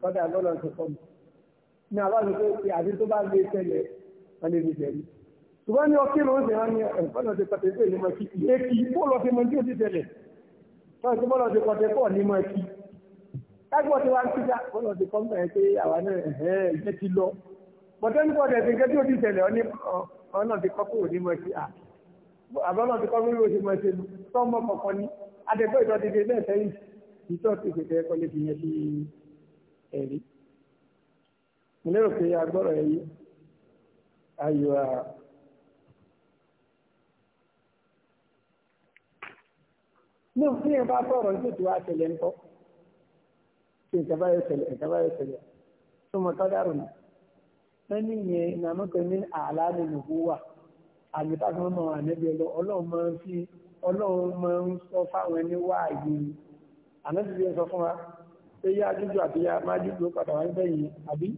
kọ́dà lọ́lọ́ ti kọ́ mi ní àbáṣe pé ti àti tó bá lé tẹ́lẹ̀ wọ́n lè fi tẹ̀lé ṣùgbọ́n ní ọkí ló ń sè wọ́n ní ẹ̀fọ́n náà ti pàtẹ́sẹ̀ ní mọ̀ kí ìyẹ́ kí bó lọ sí mọ̀ tí ó ti tẹ̀lẹ̀ tọ́jú tí bọ́lọ̀ ti kọ̀tẹ́ pọ̀ ní mọ́ ẹtì lágbọ́ tí wá ń kíkà bọ́lọ̀ ti kọ́mọ̀ ẹ̀ pé àwa náà ẹ̀hẹ́ ìjẹ́ ti lọ bọ́tẹ́ ní kọ̀tẹ́ ti gẹ́gẹ́ tí ó ti tẹ̀lé ọ̀nà ti kọ́ kúrò ní mọ́ ẹtì àbọ̀nà ti kọ́ kúrò ní mọ́ ẹtì tọ́mọ kọ̀kan ní adẹ́gbẹ́ ìtọ́ ti dé náà sẹ́yìn ìtọ́ ti tètè ẹ̀kọ́ ní òfin yẹn bá sọ̀rọ̀ ní tètè wá ṣẹlẹ̀ ńkọ́ kí nǹkan bá yọ ṣẹlẹ̀ nǹkan bá yọ ṣẹlẹ̀ tó mọ tọ́dárò nù ẹni yẹn ìnàmọ́kẹ́ ní àlá ni nìkú wà àmì táwọn ọmọ ànẹ́bí ọlọ́run máa ń fi ọlọ́run máa ń sọ fáwọn ẹni wá àyè ànẹ́bí yẹn sọ fún wa pé yá dúdú àti yá má dúdú padà wá níbẹ̀ yìí àbí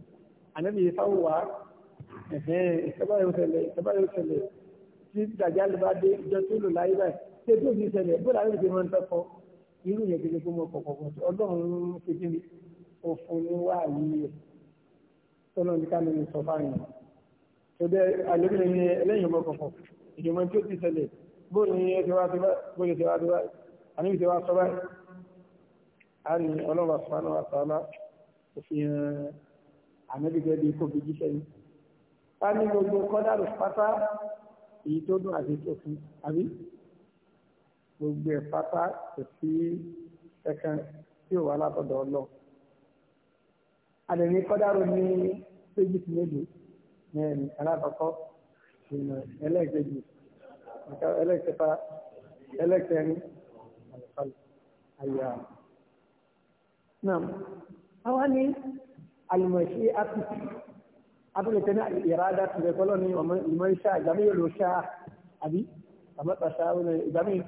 ànẹ́bí yẹn sáwò wá ẹ̀hẹ́n ìṣẹ́báyọ̀ ṣẹlẹ̀ ìṣẹ́báyọ̀ ṣẹlẹ̀ tí dàjálù bá dé ìjọ tó lò láyé báyìí ṣé bí òbí ṣẹlẹ̀ bó làwọn èdè máa ń tọ́kọ irú yẹn gẹ́gẹ́ bí mo kọ̀kọ̀ fún ọlọ́run ṣe kí ni òfin ni wà yìí rẹ̀ tọ́lọ́ ní kánú ní sọ́fà yẹn tó dẹ́ àlébìnrin ní ẹlẹ́yìn ọmọ kọ̀kọ̀ ìjọba tí ó ti ṣẹlẹ̀ bó ni ẹ ti wá ti wá àní ti wá sọ báyìí á ní ọlọ́run àfọwọ́n náà wà sọ́ọ́lá òfin àmẹ́bíkẹ́ bíi kó fi jíṣẹ́ yìí ká ní gbogbo kọ́dà lò pátá èyí tó dùn àti tó fún àbí gbogbo ẹ̀ pátá kò sí ẹ̀kan tí ò wá látọ̀dọ̀ ọlọ́run. àdẹ̀mí kọ́dárò ní péjì sí méje ní ẹ̀mí alákọ̀ọ́kọ́ ìmọ̀ ẹlẹ́ẹ̀kejì ẹlẹ́ẹ̀kẹta ẹlẹ́ẹ̀kẹrin àyà. náà àwọn ní àlùmọ̀ṣe àtúntì àtúntì ní ìrádá tìrẹ̀kọ́lọ́ ní ọmọ ìmọ̀ iṣẹ́ àgbàmíyọ̀ ló àbí àmọ́tàṣà ìgbàmíyọ̀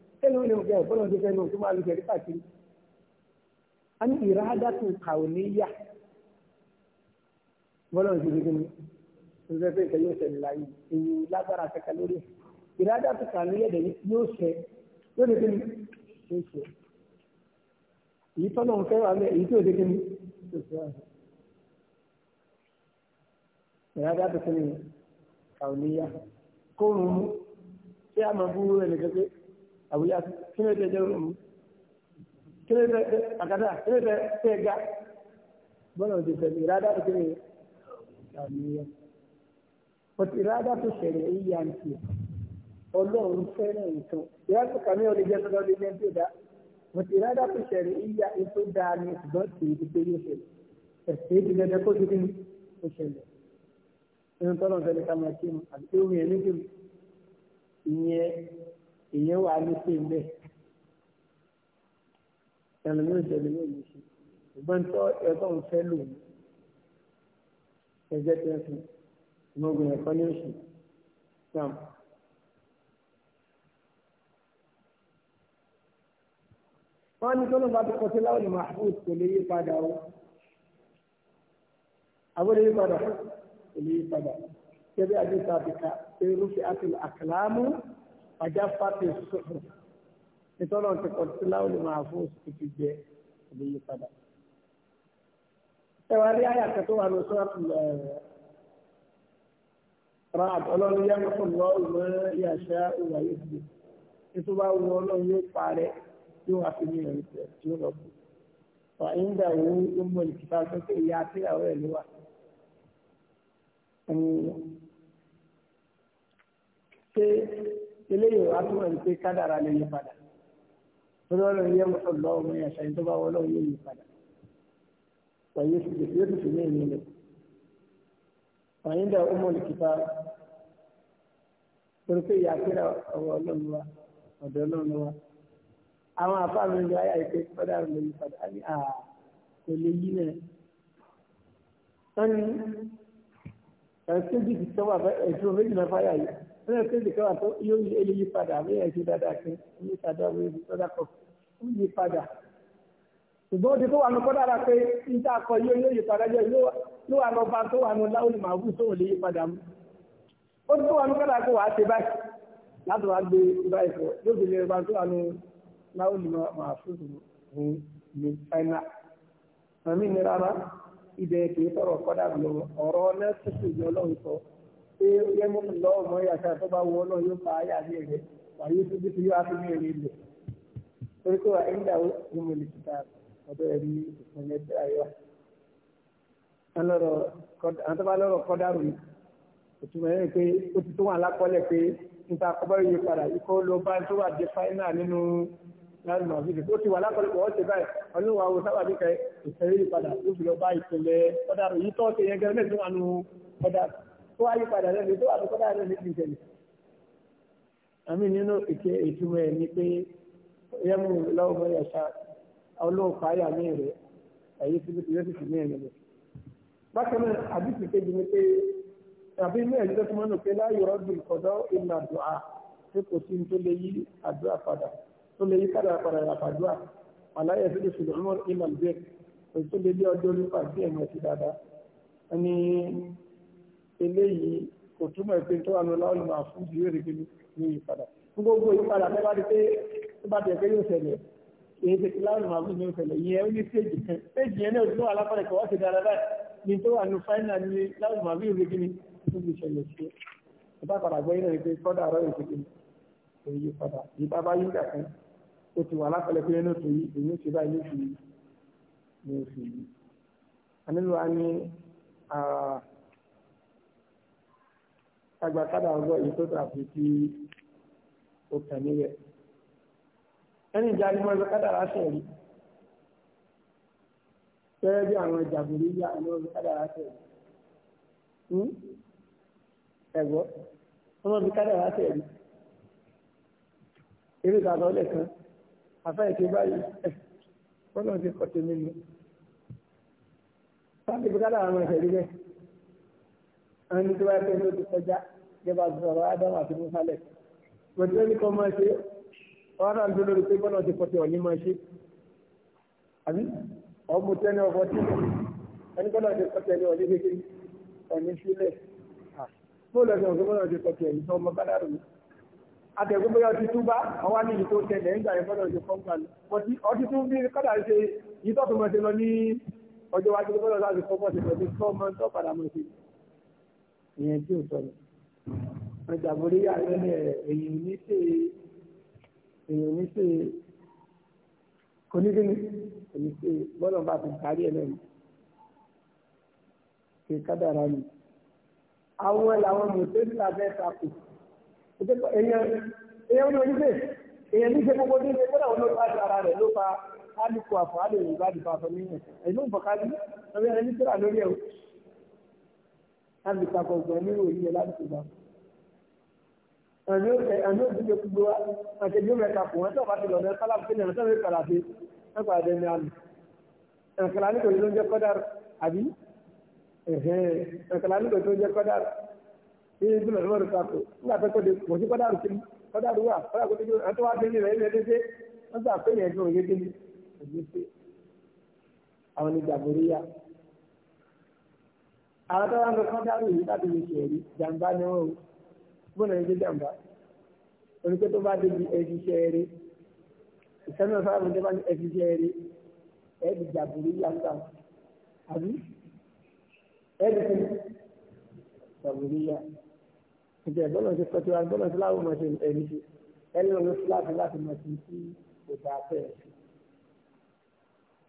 ẹnu ni ọgbẹ́ ọ̀pọ̀lọ́ ti fẹ́nu tó máa lu jẹ̀rí káàkiri. a ní ìrádàtù kàwéníyà bọ́lọ̀ ti fi kíni tó fẹ́ fẹ́ yóò ṣẹlẹ̀ láyé èyí lágbára kẹkẹ lórí ìrádàtù kàwéníyà dẹ̀ yóò ṣẹ lórí kíni tó ṣe èyí tọ́nà ń fẹ́ wà mẹ́ èyí tó ṣe kíni tó ṣe wà mẹ́. ìrádàtù kíni kàwéníyà kó rùn ún ṣé a máa bú ẹnì kẹ́kẹ́ àbúyá kí ló dé jẹ́ orí mi kí ló dé àgàdà kí ló dé tẹ́ ga bọ́lá òde fẹ̀mí ìrádá tó kéré àníyàn but ìrádá tó ṣẹlẹ̀ yíya ń tiẹ̀ ọlọ́run fẹ́ràn nǹkan ìrádá kàmí ọ̀lẹ́ jẹ́ tọ́lá ọ̀lẹ́ jẹ́ tó dá but ìrádá tó ṣẹlẹ̀ yíya ń tó dá ní ṣùgbọ́n tì í ti pé yóò ṣẹlẹ̀ ẹ̀sẹ̀ ti dẹ́dẹ́ kó ti kíni ó ṣẹlẹ̀ nínú tọ́lá ń fẹ́lẹ̀ ìyẹn wà ní pé ń bẹ ẹlòmíràn ìjẹlòmíràn yìí ṣe ṣùgbọ́n tó ẹgbẹ́ òun fẹ́ lò ní ẹgbẹ́ tẹ́ fún gbogbo ẹ̀kọ́ ní oṣù sam. wọ́n ní tọ́lọ́ bá ti kọ́ sí láwọn ìmọ̀ àfúùs kò lè yí padà o àbúrò yí padà kò lè yí padà kébí àdìsá àfíkà irúfẹ́ àti àkàlámù ọjà fàtẹ sọfọ nítorí wọn ti kọ sí láwùlì máa fún oṣù ti jẹ ìdíyí padà. ẹ wá rí àyàkẹ́ tó wà ní oṣù àtúnlẹ̀ rad ọlọ́run yá mọ́tò lọ́ọ́ ìwé yàṣá ìwà yìí ti títí bá wọ ọlọ́run yóò parẹ́ tí wọ́n fi ní ẹ̀rí tẹ̀ tí ó lọ bù. wà á ń dà wú ọmọ ìkìtà tó ìyá àti ìyàwó ẹ̀ ló wà. ṣé eléyìí wàá túmọ̀ ní pé kádàrà lè yí padà torí wọn lọ yẹ ọlọ́ ọmọ yẹn ṣàyìn tó bá wọlé òye yí padà wàyé sùgbèsì yóò tùtù ní ìlú wàyé ń dà ọmọ olùkìtà torí pé ìyá kíra ọwọ́ ọlọ́run wa ọ̀dọ̀ ọlọ́run wa àwọn àbá mi lọ ayé àìpé kádàrà lè yí padà ní à kò lè yí náà wọn ni ẹ̀sìn bíi ti sọ́wọ́ àbẹ́ ẹ̀sìn òfin ìlànà fáyà yìí lẹ́yìn pé ìdíkẹ́ wà tó yóò yí ele yí padà àbí ẹ̀ ṣe dáadáa kí yí padà wọ́n yí padà kọ̀ ó yí padà. ṣùgbọ́n ti tó wà ní kọ́dà rà pé níta kọ yóò yóò yí padà jẹ́ ló wà lọ́ba tó wà ní láwọn ìmàwù tó wọ́n lè yí padà mú. ó ti tó wà ní kọ́dà kó wàá ṣe báyìí láti wàá gbé báyìí fọ yóò fi lè ba tó wà ní láwọn ìmàwù ní ní àmì ní rárá ibẹ̀ kì í sọ̀rọ̀ kọ́dà pé yẹ́mọ́ lọ́wọ́ mọ́ yàtọ̀ tó bá wọ ọlọ́run yóò fa ayé àbí ẹ̀rẹ́ wà yóò tó bíi yóò fi ní èrè lò torí pé wà ẹ̀ńdà ó mọ̀ lè kíta ọ̀dọ̀ ẹ̀rí ìpínlẹ̀ tí a yọ. àwọn tó bá lọ́rọ̀ kọ́dárù ni òtún mẹ́rin pé ó ti tó wà lákọ́lẹ̀ pé nípa akọ́bọ́rẹ́ yìí padà ikọ́ ló bá tó wà dé fáínà nínú láti mọ̀ fídíò ó ti wà lákọ́lẹ̀ pọ̀ ọ́sẹ̀ báyìí ọdún wa wo sábà bí ìfẹ́ yìí padà ó fi lọ bá ìpínlẹ̀ kọ́dárù yìí tọ́ ṣe yẹn gẹ́gẹ́ mẹ́tí wà nù kọ́dárù tó wáyé padà lẹ́nu tó wà tó kọ́dà lẹ́nu ti tẹ̀lé. àmì nínú ìké ìtumọ̀ ẹ̀ ni pé yẹ́mu lọ́wọ́ mọ́ ẹ̀ṣá ọlọ́wọ́ fàáyà mí rẹ̀ ẹ̀yẹ fílífìlì mí ẹ̀yẹ rẹ̀. bákan náà àbíkì kejì ni pé àbí mí ẹ̀yẹ tó mọ́nù pé láyò rọ́dùn kọ̀dọ́ ìlà àdúrà pé kò sí tó lè yí àdúrà padà tó lè yí padà padà àpàdúrà àláyẹ̀ fílífìlì mọ́ ìlà àdúrà eléyìí kò túmọ̀ pé tó wà lọ́wọ́ ló máa fún ìwé rẹ̀ ní ìpadà fún gbogbo ìpadà tó bá di pé tó bá tẹ̀ pé yóò ṣẹlẹ̀ èyí ti ti láwọn máa fún yóò ṣẹlẹ̀ yẹn ó ní péjì kan péjì yẹn náà tó wà lápẹ̀rẹ̀ kọ́ wá ti dára báyìí ní tó wà ní fáínà ní láwọn máa fún ìwé kíní tó ti ṣẹlẹ̀ sí ìta padà gbọ́ yìí náà pé kọ́dà rẹ̀ èyí kíní kan ó ti wà lápẹ̀rẹ̀ pé yẹn tó yí èyí ti báyìí ní agbàkádà ọgbọ́ yìí tó tàbí tí ó kàn níbẹ̀. ẹni ìjà ni wọ́n ẹgbẹ́ kádàrá ṣẹ̀ rí gẹ́gẹ́ bí àwọn ìjàgbèrè yá ni wọ́n ẹgbẹ́ kádàrá rí hmm? ẹ̀gbọ́ wọ́n ẹgbẹ́ kádàrá ṣẹ̀ rí eré ìdàgbà ọlẹ̀ kan àfẹ́yìntì báyìí ẹ̀ wọ́n náà ti kọ̀ tèmi ni sáà ti gbé kádàrá rí bẹ́ẹ̀ àwọn ẹni tó bá fẹ́ ló ti kọjá jẹba sọ̀rọ̀ ádámù àti mùsàlẹ̀ pẹ̀lú ẹni kan máa ṣe ọ̀rọ̀ àti olórí pé bọ́lá ti pọ̀tẹ́ ọ̀ní máa ṣe àbí ọmọ tẹ́ni ọkọ̀ tí ẹni bọ́lá ti pọ̀tẹ́ ní ọ̀ní kékeré ọ̀ní sílẹ̀ bọ́ọ̀lù ẹ̀sìn ọ̀gbọ́n bọ́lá ti pọ̀tẹ́ ẹ̀yìn tó ọmọ bádà rẹ̀ àtẹ̀gbọ́n bóyá ti túbá ọwá ní ìyí tó tẹ̀lẹ̀ nígbà yẹn bọ́lá ti pọ̀npá lọ ọtí tún bí kọ́dà ṣe yìí tó tó mọ̀ ṣe lọ ní ọjọ́ wájú bọ́lá ti pọ̀npá ṣe pẹ̀lú tó ọmọ tó padà mọ̀ ṣe ìyẹn tí ò tọ̀nà ọjà borí yàrá ní ẹ̀rẹ̀ èyàn ní ṣe èyàn ní ṣe onídìní èyí ṣe gbọ́dọ̀ bá ti kárí ẹ̀ lẹ́nu ṣe kádàrá ni àwọn ẹ̀ làwọn mọ̀tẹ́sí làbẹ́ takò èyàn èyàn ní oníṣẹ́ èyàn ní ṣe gbogbo dídé kódà wọn ló bá ti ara rẹ̀ ló fa kálukú àfọ̀ àlè ìbádìí fa àfọ̀ nínú ẹ̀ ló ń bọ̀ kájú ọ̀rẹ́ ẹni tó rà lórí ẹ̀ láti papọ̀ gbọ̀n nínú òyìnbó láti ṣùgbà. àmì òbí lè gbogbo wa àti ìlú mẹ́ta kù wọ́n tó bá ti lọ náà sálábù sílẹ̀ náà sọ́wọ́ ìkàlà sí ẹ̀kọ́ àdé ní àmì. ẹ̀kàlà nígbà tó ń jẹ́ kọ́dà àbí ẹ̀kàlà nígbà tó ń jẹ́ kọ́dà ní ìdúró ìwọ̀n rẹ̀ papọ̀ nígbà tó kọ́dé kò sí kọ́dà rẹ̀ kọ́dà rẹ̀ wà kọ́dà kó tó jẹ́ àti wá délé rẹ̀ ilẹ̀ dédé wọ́n gbà pé yẹn àwọn tó wọn lọ kán dárò yìí láti lè ṣe ẹ̀rí jàǹbá ni wọn o gbọ́dọ̀ ní ṣe jàǹbá oníkó tó bá débi ẹ̀sìn ṣe ẹ̀rí ìsẹ́nu ọ̀sán àbújá bá ní ẹ̀sìn ṣe ẹ̀rí ẹ̀ẹ́dì jàbùrú yàtọ̀ àbí ẹ̀ẹ́dì fún jàbùrú yà ìjẹ́ ìgbọ́nà ti pẹ̀tù àgbọ̀nà tí láwọn ọmọ ṣe ẹ̀rí ṣe ẹ̀rí lọ́wọ́ fúláàfù láti mọ̀ sí sí òdà afẹ́ ẹ̀sìn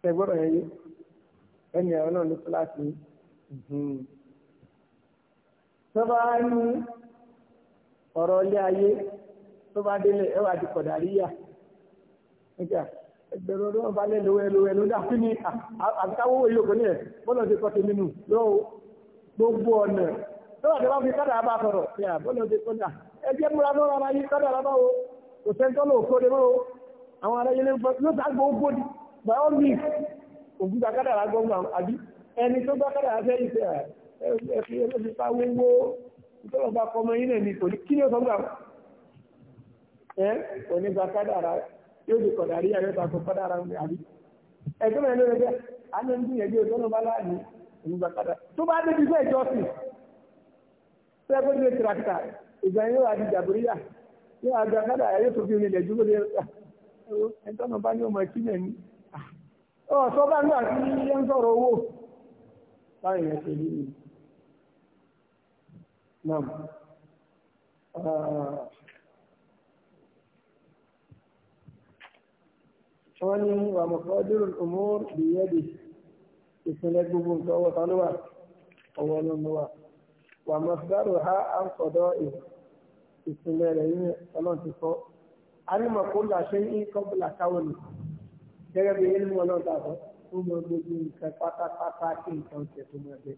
ẹ̀gbọ́nà ẹ̀yẹ ẹ̀mí ẹ̀rọ náà ní fúláàfù yìí. tó bá ní ọ̀rọ̀ ilé ayé tó bá délé ẹwà ti kọ̀dàríyà nígbà ẹgbẹ̀rún ọdún bá lẹ́ lówẹ́ lówẹ́ dá sí ní àtàwọ̀ òye ní ẹ̀ bọ́lọ̀ ti kọ́tí nínú lọ́wọ́ gbogbo ọ̀nà lọ́wọ́ fi kádà bá sọ̀rọ̀ ẹni tó bá kára àfẹ́ ìfẹ́ ẹ̀fí ẹlẹ́fipá wíwó ìtọ́lọ̀ bá kọmọ yínà ní kò ní kí ní ó sọ́gbà ẹ́ kò ní gba kádàrà yóò di kọ̀dàrí ẹ̀rẹ́ ta kó kádàrà ń àbí ẹ̀tọ́ mẹ́rin ló rẹ̀ àná ń gbìyànjú ìtọ́lọ̀ bá láàyè òun gba kádàrà tó bá dé ti fẹ́ ìjọsìn fẹ́ kó ti tìràkìtà ìgbà yóò àti jàbúríyà yóò àgbà kádàrà yóò tó fi rìn lẹ́jú lórí ẹ̀tọ́nà bá ní ọmọ ẹ̀kí báyìí yẹn ṣe rí ni nam ah. wọ́n ní wà mọ̀kọ́dúró umur bìyẹ́dì ìpínlẹ̀ gbogbo nǹkan ọwọ́ tán ló wà ọwọ́ ló ń wà wà mọ̀kọ́dúró ha à ń kọ̀dọ̀ ìpínlẹ̀ rẹ̀ yìí ọlọ́run ti kọ́ arímọ̀kó làṣẹ́ yín kọ́bùlà káwọn nì ó mọ gbogbo nǹkan pátápátá kí nǹkan tẹ̀ tó máa bẹ.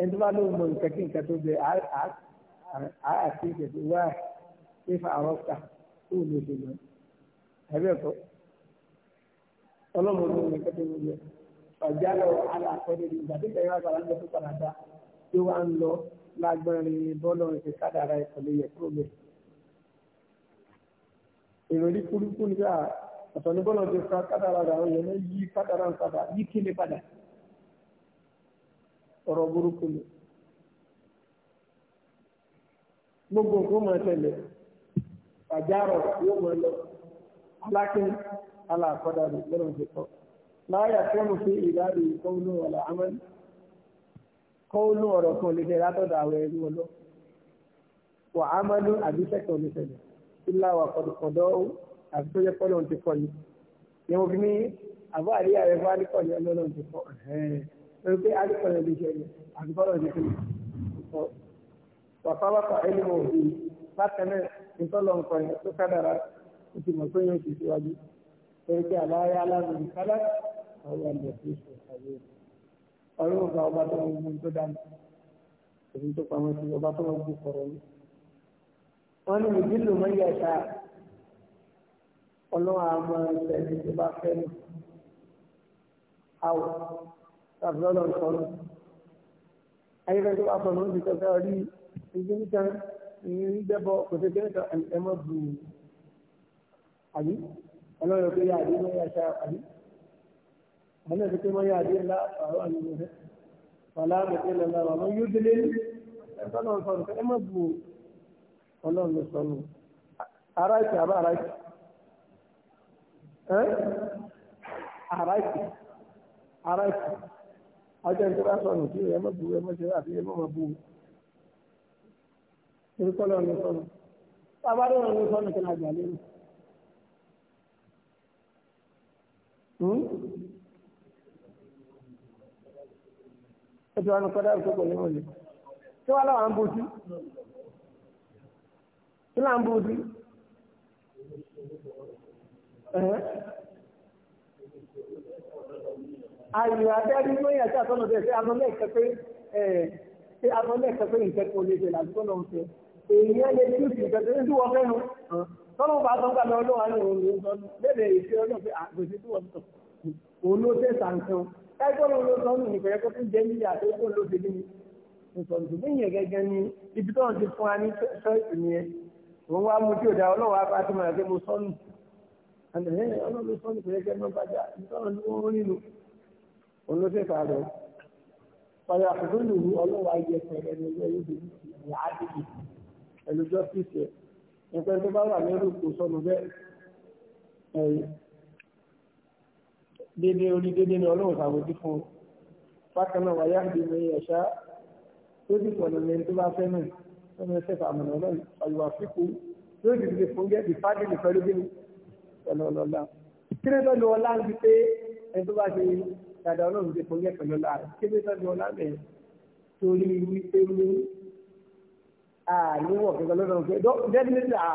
ẹni tó bá lóun mọ nǹkan kí nǹkan tó bẹ àá àti ìṣẹ̀tò wá fífa àrọ́pà tó lè ṣe lọ. ẹ̀rí ẹ̀kọ́ ọlọ́mọ lóun nǹkan tó bẹ ọ̀já lọ alákọ̀ọ́dẹ ní ìgbà tí ìgbà yẹn wà ń lọ fún Canada tí wọ́n ń lọ lágbọ́nrin bọ́ọ̀lù ìṣe kádàrá ìkọ̀lẹ́yẹ kúrò bẹ́ẹ̀. èrò kúrúkú nígbà ọ̀tọ̀ ní bọ́lọ̀ ti fa kádàrà rà ọ̀yẹ̀ náà yí kádàrà ń padà yí kíni padà ọ̀rọ̀ burúkú ni gbogbo nǹkan máa tẹ̀lé àjárọ̀ yóò máa lọ alákin aláàkọ́dà rẹ̀ lọ́rọ̀ ti kọ́ láyà tó ń fi ìdárí kọ́ọ̀lù ọ̀rọ̀ amẹ́lì kọ́ọ̀lù ọ̀rọ̀ kan lè tẹ̀lé látọ̀dọ̀ àwọn ẹrú ọlọ́ wà amẹ́lì àbíṣẹ́kọ̀ọ́ lè tẹ̀lé ìlà àti tó yẹ kọ́ lóun ti kọ́ yìí yẹ mo fi ní àbọ̀ àríyá rẹ fún alikọ̀ ni ọlọ́run ti kọ́ ẹ̀ pé alikọ̀ yẹn lè ṣe ẹ̀ àti kọ́ lóun ti kọ́ kọ́ wàfáwàfà ẹni mo fi bákan náà ìtọ́lọ̀ nǹkan yẹn tó kádàrá ó ti mọ̀ pé yóò ti síwájú torí pé àbáyé aláàbòrì kálá ọ̀rọ̀ àgbẹ̀ tó ṣe àyè ọ̀rọ̀ ọ̀gá ọba tó ń mú tó dáná èyí tó pamọ́ sí ọba tó ń gbó kọ̀rọ̀ yìí wọ́n ní ìdílù mọ́ yẹ̀ ọlọ́run àmọ́ ẹni tó bá fẹ́ mi àwọ̀ tàbí ọlọ́run sọ̀rọ̀ ayẹyẹ tó bá sọ ló ń di kẹfẹ́ rí ibi níta ìyẹn ń gbẹ́bọ kò sí kí níta ẹ mọ́ bù ú àbí ọlọ́run ọ̀gbẹ́ yà àdé mọ́ yà ṣá àbí àwọn ẹ̀sìn pé mọ́ yà àdé ńlá àrọ́ àyẹ̀wò rẹ̀ wàlá àgbẹ̀tẹ̀ lọ́la wà mọ́ yóò délé ẹ̀sán náà ara ìsìn ara ìsìn ọjọ́ ní tó kí ẹ mọ̀ bu ẹ mọ̀ ṣe àti ẹ mọ̀ mọ̀ bu torí kọ́ lọ́run ní sọnù bàbá lọ́run ní sọnù kí n àgbà lérò. Ẹ hmm? ti wá ní kọ́dá ìkókò ní òní. Ṣé láwọn ń bójú? Kí láà ń bójú? àyùrà abẹ́rí ló yàn sí àtọ́nà bẹ́ẹ̀ sí abọ́lé ìkẹ́pẹ́ sí abọ́lé ìkẹ́pẹ́ ìkẹ́pẹ́ olè ṣe làbí tó fẹ́ èèyàn lè tún sí ìkẹ́pẹ́ ní wọ́n fẹ́ hàn tọ́lọ́ bá tọ́ gbàgbé ọlọ́wà ìṣe pé tí wọ́n òun ló tẹ̀ ẹgbẹ́ àtẹ̀lẹ́ ọlọ́run sọ ní pẹ̀lẹ́kẹ́ náà bàjá ìtọ́rọ̀ ní wọ́n rí lò olóṣèkà rẹ̀ padà àkùnrin ìlú ọlọ́wà ayé ẹsẹ̀ rẹ̀ ní ẹgbẹ́ yóò dé ní àdìgì ẹlòjọ́ pìtẹ́ ẹgbẹ́ tó bá wà lẹ́rù kò sọnù bẹ́ẹ̀ ẹ̀yìn dédé orí dédé ní ọlọ́run sàbòdì fún un bákan náà wáyà di ní ẹ̀ṣá tó ti pọ̀ lọ́lẹ́ tó bá fẹ́ náà lọ́nà ẹsẹ̀ fàmùnà náà ọ̀yọ̀ àfikún yóò dìde fún gẹ́ẹ̀dì fádìlì pẹ̀lú bí mi pẹ̀lú ọlọ́lá kí ló tọ́jú ọlá ń bi pé ẹni tó bá ṣe dàda ọlọ́run ti pòyẹ́ pẹ̀lú ọlá rẹ̀ kí ló tọ́jú ọlá bẹ̀ torí wípé ní àníwọ̀ kẹta lọ́dọ̀ pé definitely à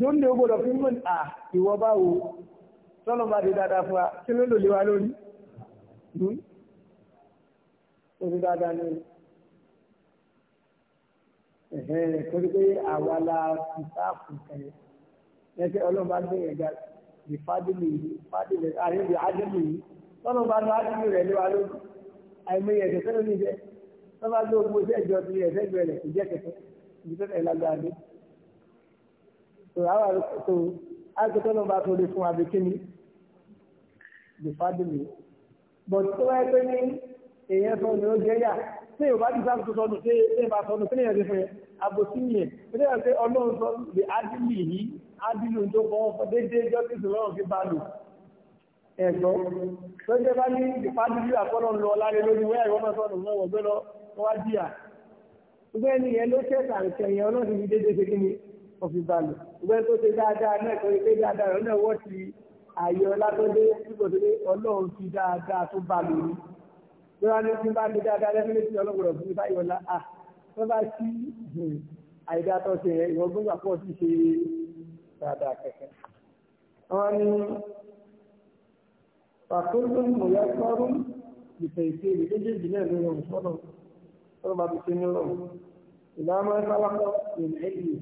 dóńdé gbọdọ̀ fún mọ́ à ìwọ bá wo tọ́nà bá di dáadáa fún wa kí ló lò lé wa lórí orí hmm? dáadáa ní ẹ̀hẹ́n torí pé àwa la fi sáàpù kẹ̀yẹ́ lẹ́sẹ̀ ọlọ́run bá gbé yẹn bí fádìlì fádìlì àrí bí ájẹ́lì yìí tọ́nà bá lọ ájẹ́lì rẹ̀ léwa lójú àìmọye ẹ̀sẹ̀ tẹ́lẹ̀ ní ìjẹ́ tọ́nà bá lọ gbogbo iṣẹ́ ìjọ ti ẹ̀sẹ̀ ìjọ rẹ̀ kò jẹ́ kẹfẹ́ ibi tẹ́lẹ̀ lágbára dé. tó àwọn tó ájẹ́ tọ́nà bá tó lè fún wa bí kíni bí fádìlì bọ̀ tó wáyé pé ní èèyàn tó ní ó yà tí yóò bá ti sáà tó sọnù tí yóò bá sọnù tí yóò ádìlù tó fọwọ́ fọ déédéé jọ́sìsì lọ́rùn fi bá lò ẹ̀gbọ́ lọ́jọ́ bá ní ìpàdílù àkọ́lọ́ ń lọ láre lórí wẹ́ẹ̀ ìwọ́n sọ̀rọ̀ mọ́ wọ́n gbẹ́lọ́ wá jìyà ṣùgbọ́n ẹni yẹn ló ṣẹ̀ṣà ń tẹ̀yìn ọ̀nà ti fi déédéé ṣe kí ni wọ́n fi bá lò ṣùgbọ́n tó ṣe dáadáa náà kò ṣe dáadáa rẹ̀ náà wọ́n ti ààyè ọlágbọ́dé nígbà tó dé ọlọ́run fi dáadáa tó bá lò ní lọ́wọ́ ní tí bá ní dáadáa lẹ́nu tí ọlọ́gbọ̀rọ̀ fún ibà yọ̀ọ́lá à ah, wọ́n bá sí hmm, àìdá tó ṣe ìwọ̀n gbọ́ngbà pọ̀ sí ṣe dáadáa kẹ̀kẹ́. wọ́n ní pàtóńtò mọ̀yá sọ́rùn ìfẹ̀ ìfẹ́ ìlú méjèèjì náà ló rọrùn sọ́nà tó bá ti ṣe ní rọrùn. ìlànà sáwákọ̀ ìrìn ẹ̀yìn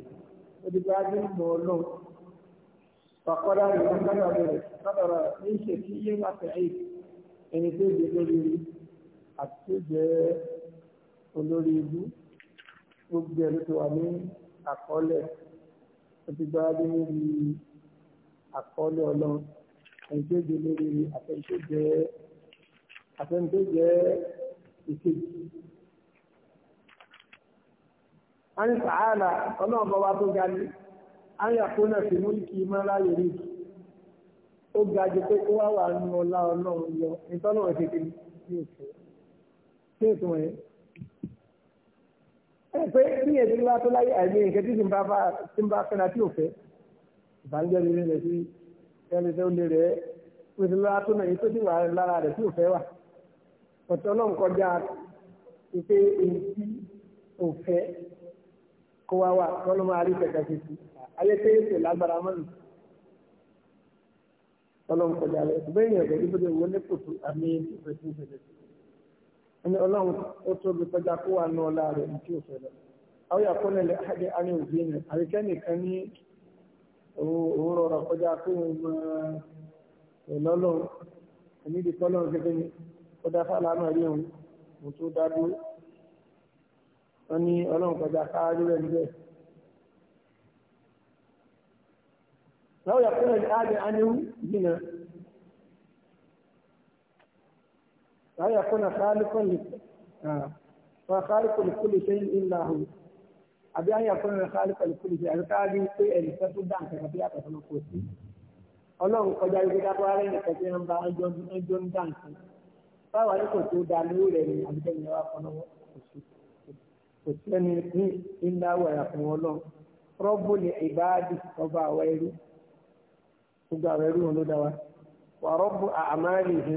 ó ti bá dé mọ́ ọlọ́run. pàkọ́dá rẹ̀ ló kádà bẹ̀rẹ̀ kádàrà ní ìṣe kí yé má fẹ́ ẹ̀yìn ẹni tó jẹ lórí àti tó jẹ olórí ibú gbogbo ẹ̀rọ tó wà ní àkọọ́lẹ̀ ó ti gbá lórí àkọọ́lẹ̀ ọlọ́run àìjẹ́jẹ́ lórí àtẹ̀jẹ́jẹ́ ìkejì. a ní sàárà ọlọ́run bọ́ wá tó ga ní a yà kó náà fi mú kí má láyé rí ó ga jù pé kó wá wà nù ọlá ọlọ́run lọ ìtọ́nà ìṣèkè ní òṣèlú pé bí èdè ńlá tó láyé àìní nǹkan tí tí ń bá fẹ́ra tí ò fẹ́ ìbànújẹ́ lórí rẹ̀ sí ẹni tó lè rẹ̀ pèsè lọ́la tó náà yìí tó sì wà lára rẹ̀ tí ò fẹ́ wà ọ̀tọ̀ náà ń kọjá pé èyí tí ò fẹ́ kó wá wà kọ́ ló máa rí kẹ̀kẹ́ sí sí ayé pé èsè lágbára mọ́nù ọlọ́run kọjá rẹ̀ ṣùgbọ́n èèyàn kẹ́kẹ́ tó lè wọlé kòtò àmì ìfẹ́ sí ìfẹ́ sí ẹni ọlọ́run ó tóbi kọjá kó wà ní ọlá rẹ̀ ní tí ó fẹ́ lọ. àwọn àkọọ́lẹ̀ lè hàdé àní òbí ni àríkẹ́ nìkan ní òun rọrọ̀ kọjá kó wọn mọ ọlọ́run ẹni ìdí tọ́lọ́run gẹ́gẹ́ ni ó dá fàlà náà rí òun òun tó dá dúró. wọ́n ní ọlọ́run kọjá káájú rẹ̀ níbẹ̀. àwọn àkọọ́lẹ̀ lè hàdé àní òbí ni وأن يكون خالقا وخالق لكل شيء إلا هو أبي أن يكون خالقا لكل شيء أبي في الكتاب دان كتاب يا كتاب كوسي Ọlọ́run kọjá ibi kápá rẹ̀ nìkan tí wọ́n bá ẹjọ́ ń dáǹkì báwa ní kò tó da lórí rẹ̀ ní àbíkẹ́ni ẹ̀wà kan lọ́wọ́ kò sí ẹni ní ilá wẹ̀rà fún wọn lọ rọ́bù ní ìbáàdì ọba àwa ẹrú gbogbo àwa ẹrú wọn ló dá wa wà rọ́bù àmàlì yìí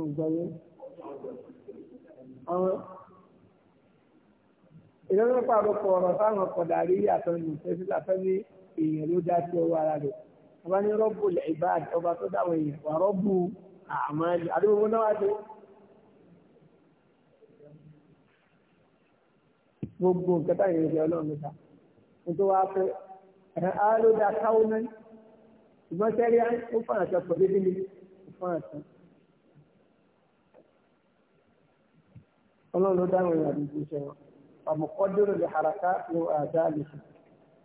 ọ̀gbọ̀nyẹ́ àwọn ìlọ́lọ́pàá àbọ̀kọ̀ ọ̀rọ̀ táwọn ọ̀kọ̀dà rí àtọ́ ìlú tẹ́sílà fẹ́ ní èèyàn ló dá sí ọwọ́ ara rẹ̀ ọba ní rọ́bù ìbáàdì ọba tó dáwọn èèyàn wà rọ́bù àmàlì àdúgbò náà wájú gbogbo nǹkan táyẹ̀ ìjọ ọlọ́run níta nítorí wá fẹ́ ẹ̀hán á ló dá káwọn náà ṣùgbọ́n sẹ́rí ó fàràn sọ pọ̀ déédéé ni ó fàràn sọ. ọlọ́run ló dáhùn ìrìn àdúgbò iṣẹ́ wọn àmọ̀kọ́ dúró lè haraka ló àdá lè ṣe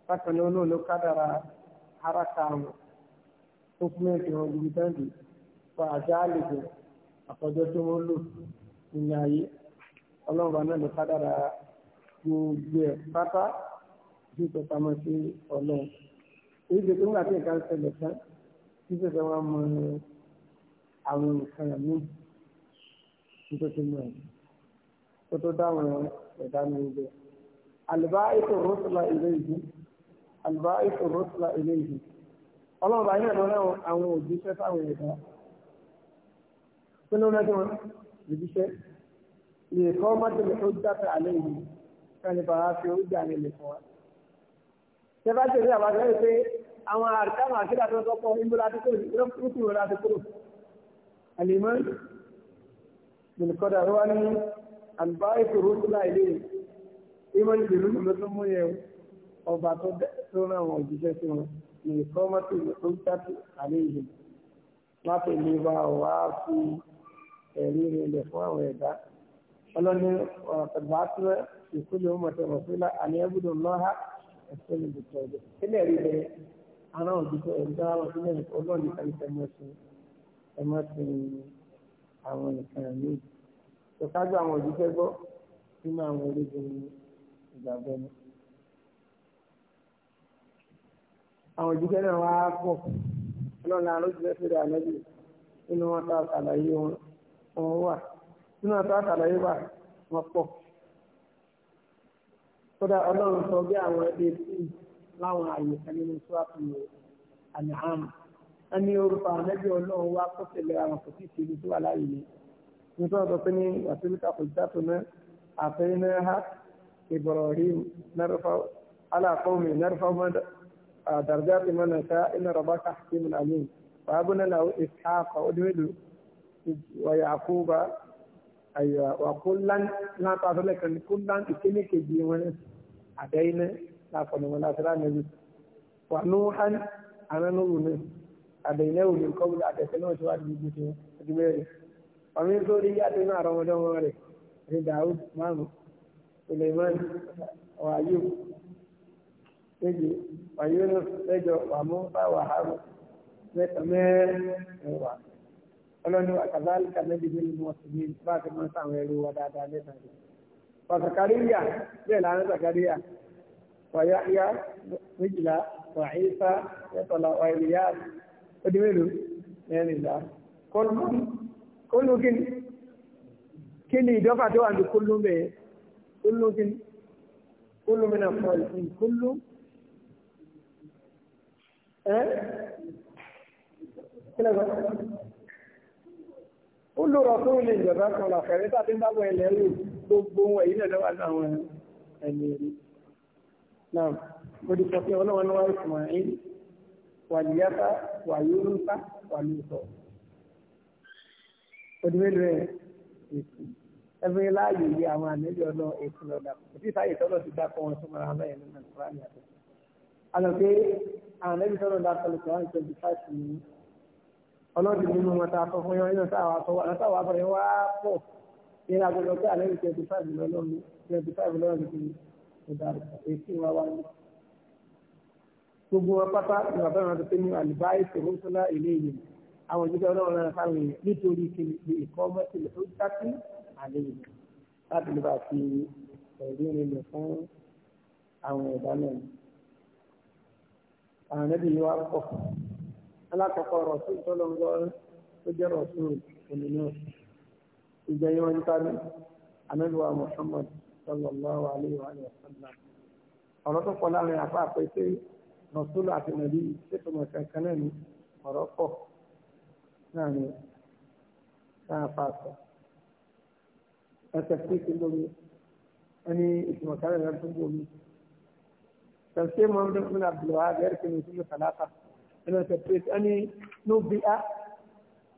bákan náà olóòló kádàrà haraka wọn tó fún ẹ̀sìn wọn ibi tán dì fún àdá lè jẹ àkọjọ tó wọn lò nínú ayé ọlọ́run bá náà lè kádàrà gbogbo ẹ̀ pátá bí ìtọ́ta mọ́ sí ọlọ́run èyí ṣe tó ń gbà tí nǹkan ṣẹlẹ̀ tán tí ṣẹ̀ṣẹ̀ wọn mọ àwọn nǹkan mi nítorí mọ ẹ̀ tó tó dáwọn ẹ̀dá mi bẹ́ẹ̀. àlùbáyìtò rọ́sùlà ilé ìlú àlùbáyìtò rọ́sùlà ilé ìlú ọlọ́run bá yẹn lọ́nà àwọn òjíṣẹ́ fáwọn ẹ̀dá pínlẹ̀ lọ́jọ́ wọn òjíṣẹ́ lè kọ́ mọ́tòlù tó dáfẹ́ àlẹ́ ìlú kálíbà á fi orí jà nílẹ̀ fún wa. ṣé bá ṣe rí àbájá pé àwọn àrùkánù àkídà tó tọ́pọ̀ ìgbòlá ti kúrò lókùnkùn rẹ̀ láti kúrò alìmọ́ nìkọ́dà wá ní àlùbáyé kòrò sílá ilé ìmọ̀ ìdìrú ló tó mú yẹ ọba tó rán àwọn òjíṣẹ́ sí wọn ní ìkọ́mọ́tì tó tàbí àléjì láti lè bá wá fi ẹ̀rí rẹ̀ lẹ̀ fún àwọn ẹ̀dá ọlọ́ni bẹ̀rẹ̀ ara òdìbò ẹ̀dá ọdún ọlọ́run nìkan ní ẹmọ́sìn ẹmọ́sìn àwọn nìkan míì ìtọ́kájú àwọn nínú àwọn orígun ìgbàgbọ́ ni. àwọn náà wá pọ̀ ànábì nínú wọn tá àtàlàyé wọn wà nínú wọn tá àtàlàyé wà wọn pọ̀ kódà ọlọ́run sọ bí àwọn ẹbí láwọn àyè kan nínú sọ́ọ̀tù àmì àmì ẹni orúkọ àmẹ́bí ọlọ́run wá kó tẹ̀lé àwọn kò sí ìṣèlú tó wà láàyè ni nítorí ọ̀dọ́ pé ní wàsílíkà kò já tó náà àfẹ́yìn náà ha Ibrahim nárúfà aláàkọ́mi nárúfà mọ́dà àdàrúdà tí mọ́ náà ká iná rọ̀bá ká hakimun alim wàá bú náà làwọn ó dúró wàyà wà kó kó lán ìkéne láfọ̀nìmọ̀ láti ránàbí wà núhán ànánúrù ní àdẹ̀yìnlẹ̀ òní kọ́bù àtẹ̀sẹ̀ náà ti wá di ibi tí wọ́n ti bẹ̀rẹ̀ ọ̀mí tó rí yàtọ̀ náà rọmọ dánwọ́ rẹ̀ ní Dawud márùn Suleiman wàyú méje wàyú náà lẹ́jọ wàmú bá wàhálù mẹ́ta mẹ́rẹ̀ẹ́wà ọlọ́ni wa kàzálìkà mẹ́bi nínú mọ́sùlùmí bá a ti mọ́ sáwọn ẹrú wa dáadáa lẹ́sàn-án wà Zakariya bẹ́ẹ̀ lánàá Zakariya wàyáyá méjìlá wàhíṣà mẹ́tọ̀lá wàhíyá odi mélòó mẹ́rìnlá kólú kíni kíni ìdọ́fà tó wà ní kólú mẹ́ẹ̀ kólú kíni kólú mẹ́nà fọ́ọ̀lù kíni kólú ẹ́ kílẹ̀ kọ́ kólú rọ̀ fún ilé ìjọba kan làfẹ́rẹ́ tàbí ń bá bọ̀ ẹ̀lẹ́rù gbogbo wọ̀nyí lẹ́dọ̀ wà náà mo di sọ pé ọlọ́wọ́ ni wọ́n Ismail wàlíyàtà wàyúrúfà wàlúùsọ. ọdún mélòó ẹ̀ èkó ẹgbẹ́ láàyè yí àwọn àmẹ́lẹ́ ọ̀nà èkó lọ́dà kò sí táyé tọ́lọ̀ ti dákọ̀ wọn sọ́mọ́ ni. ẹ̀ nínú ìfúra ní àtẹ̀. àlọ́ pé àwọn àmẹ́lẹ́ tọ́lọ̀ dákọ̀ lọ́kọ̀ wọn ìjọba ìfàṣì ní ọlọ́dún nínú wọn ta fọ́ fún yọ nínú táwọn afọ yẹn wá pọ̀ nínú agbọ̀dọ̀ pé àmẹ́lẹ́ twenty five lọ́lọ́run twenty five lọ́lọ́run ìdárúkọ èsì wa wá ní. gbogbo wọn pátá ni bàbá wọn ti pé ní àlùbáyé tòun sọlá ilé yìí àwọn ìjọba ọlọ́run náà fáwọn èèyàn nítorí kiri ìkọ́ mọ́tìlẹ̀ ó dákú àlẹ́ yìí láti lè bá fi ẹ̀rí nílẹ̀ fún àwọn ẹ̀dá náà. àwọn ẹ̀dá yìí wá pọ̀ alákọ̀ọ́kọ́ rọ̀tún tọ́lọ́ngọ́ tó jẹ́ rọ̀tún òmìnira ìjẹyìn wọn nípa ní amẹ́lùwà Muhammad sallallahu alaihi wa sallam ọ̀rọ̀ tó pọ̀ láàrin àfa àpẹ pé nọ̀túlù àti nàbí ṣètò mọ̀ kankan náà ni ọ̀rọ̀ pọ̀ náà ni káàfà sọ ẹsẹ̀ pípé lórí ẹni ìtumọ̀ kárẹ̀ rẹ̀ tó ń bomi tẹ̀sí mọ́ ń dẹ́kun àbùlọ̀ àgẹ́rẹ́ kìíní ìtumọ̀ kàlàkà ẹni ẹsẹ̀ pípé ẹni ló bí a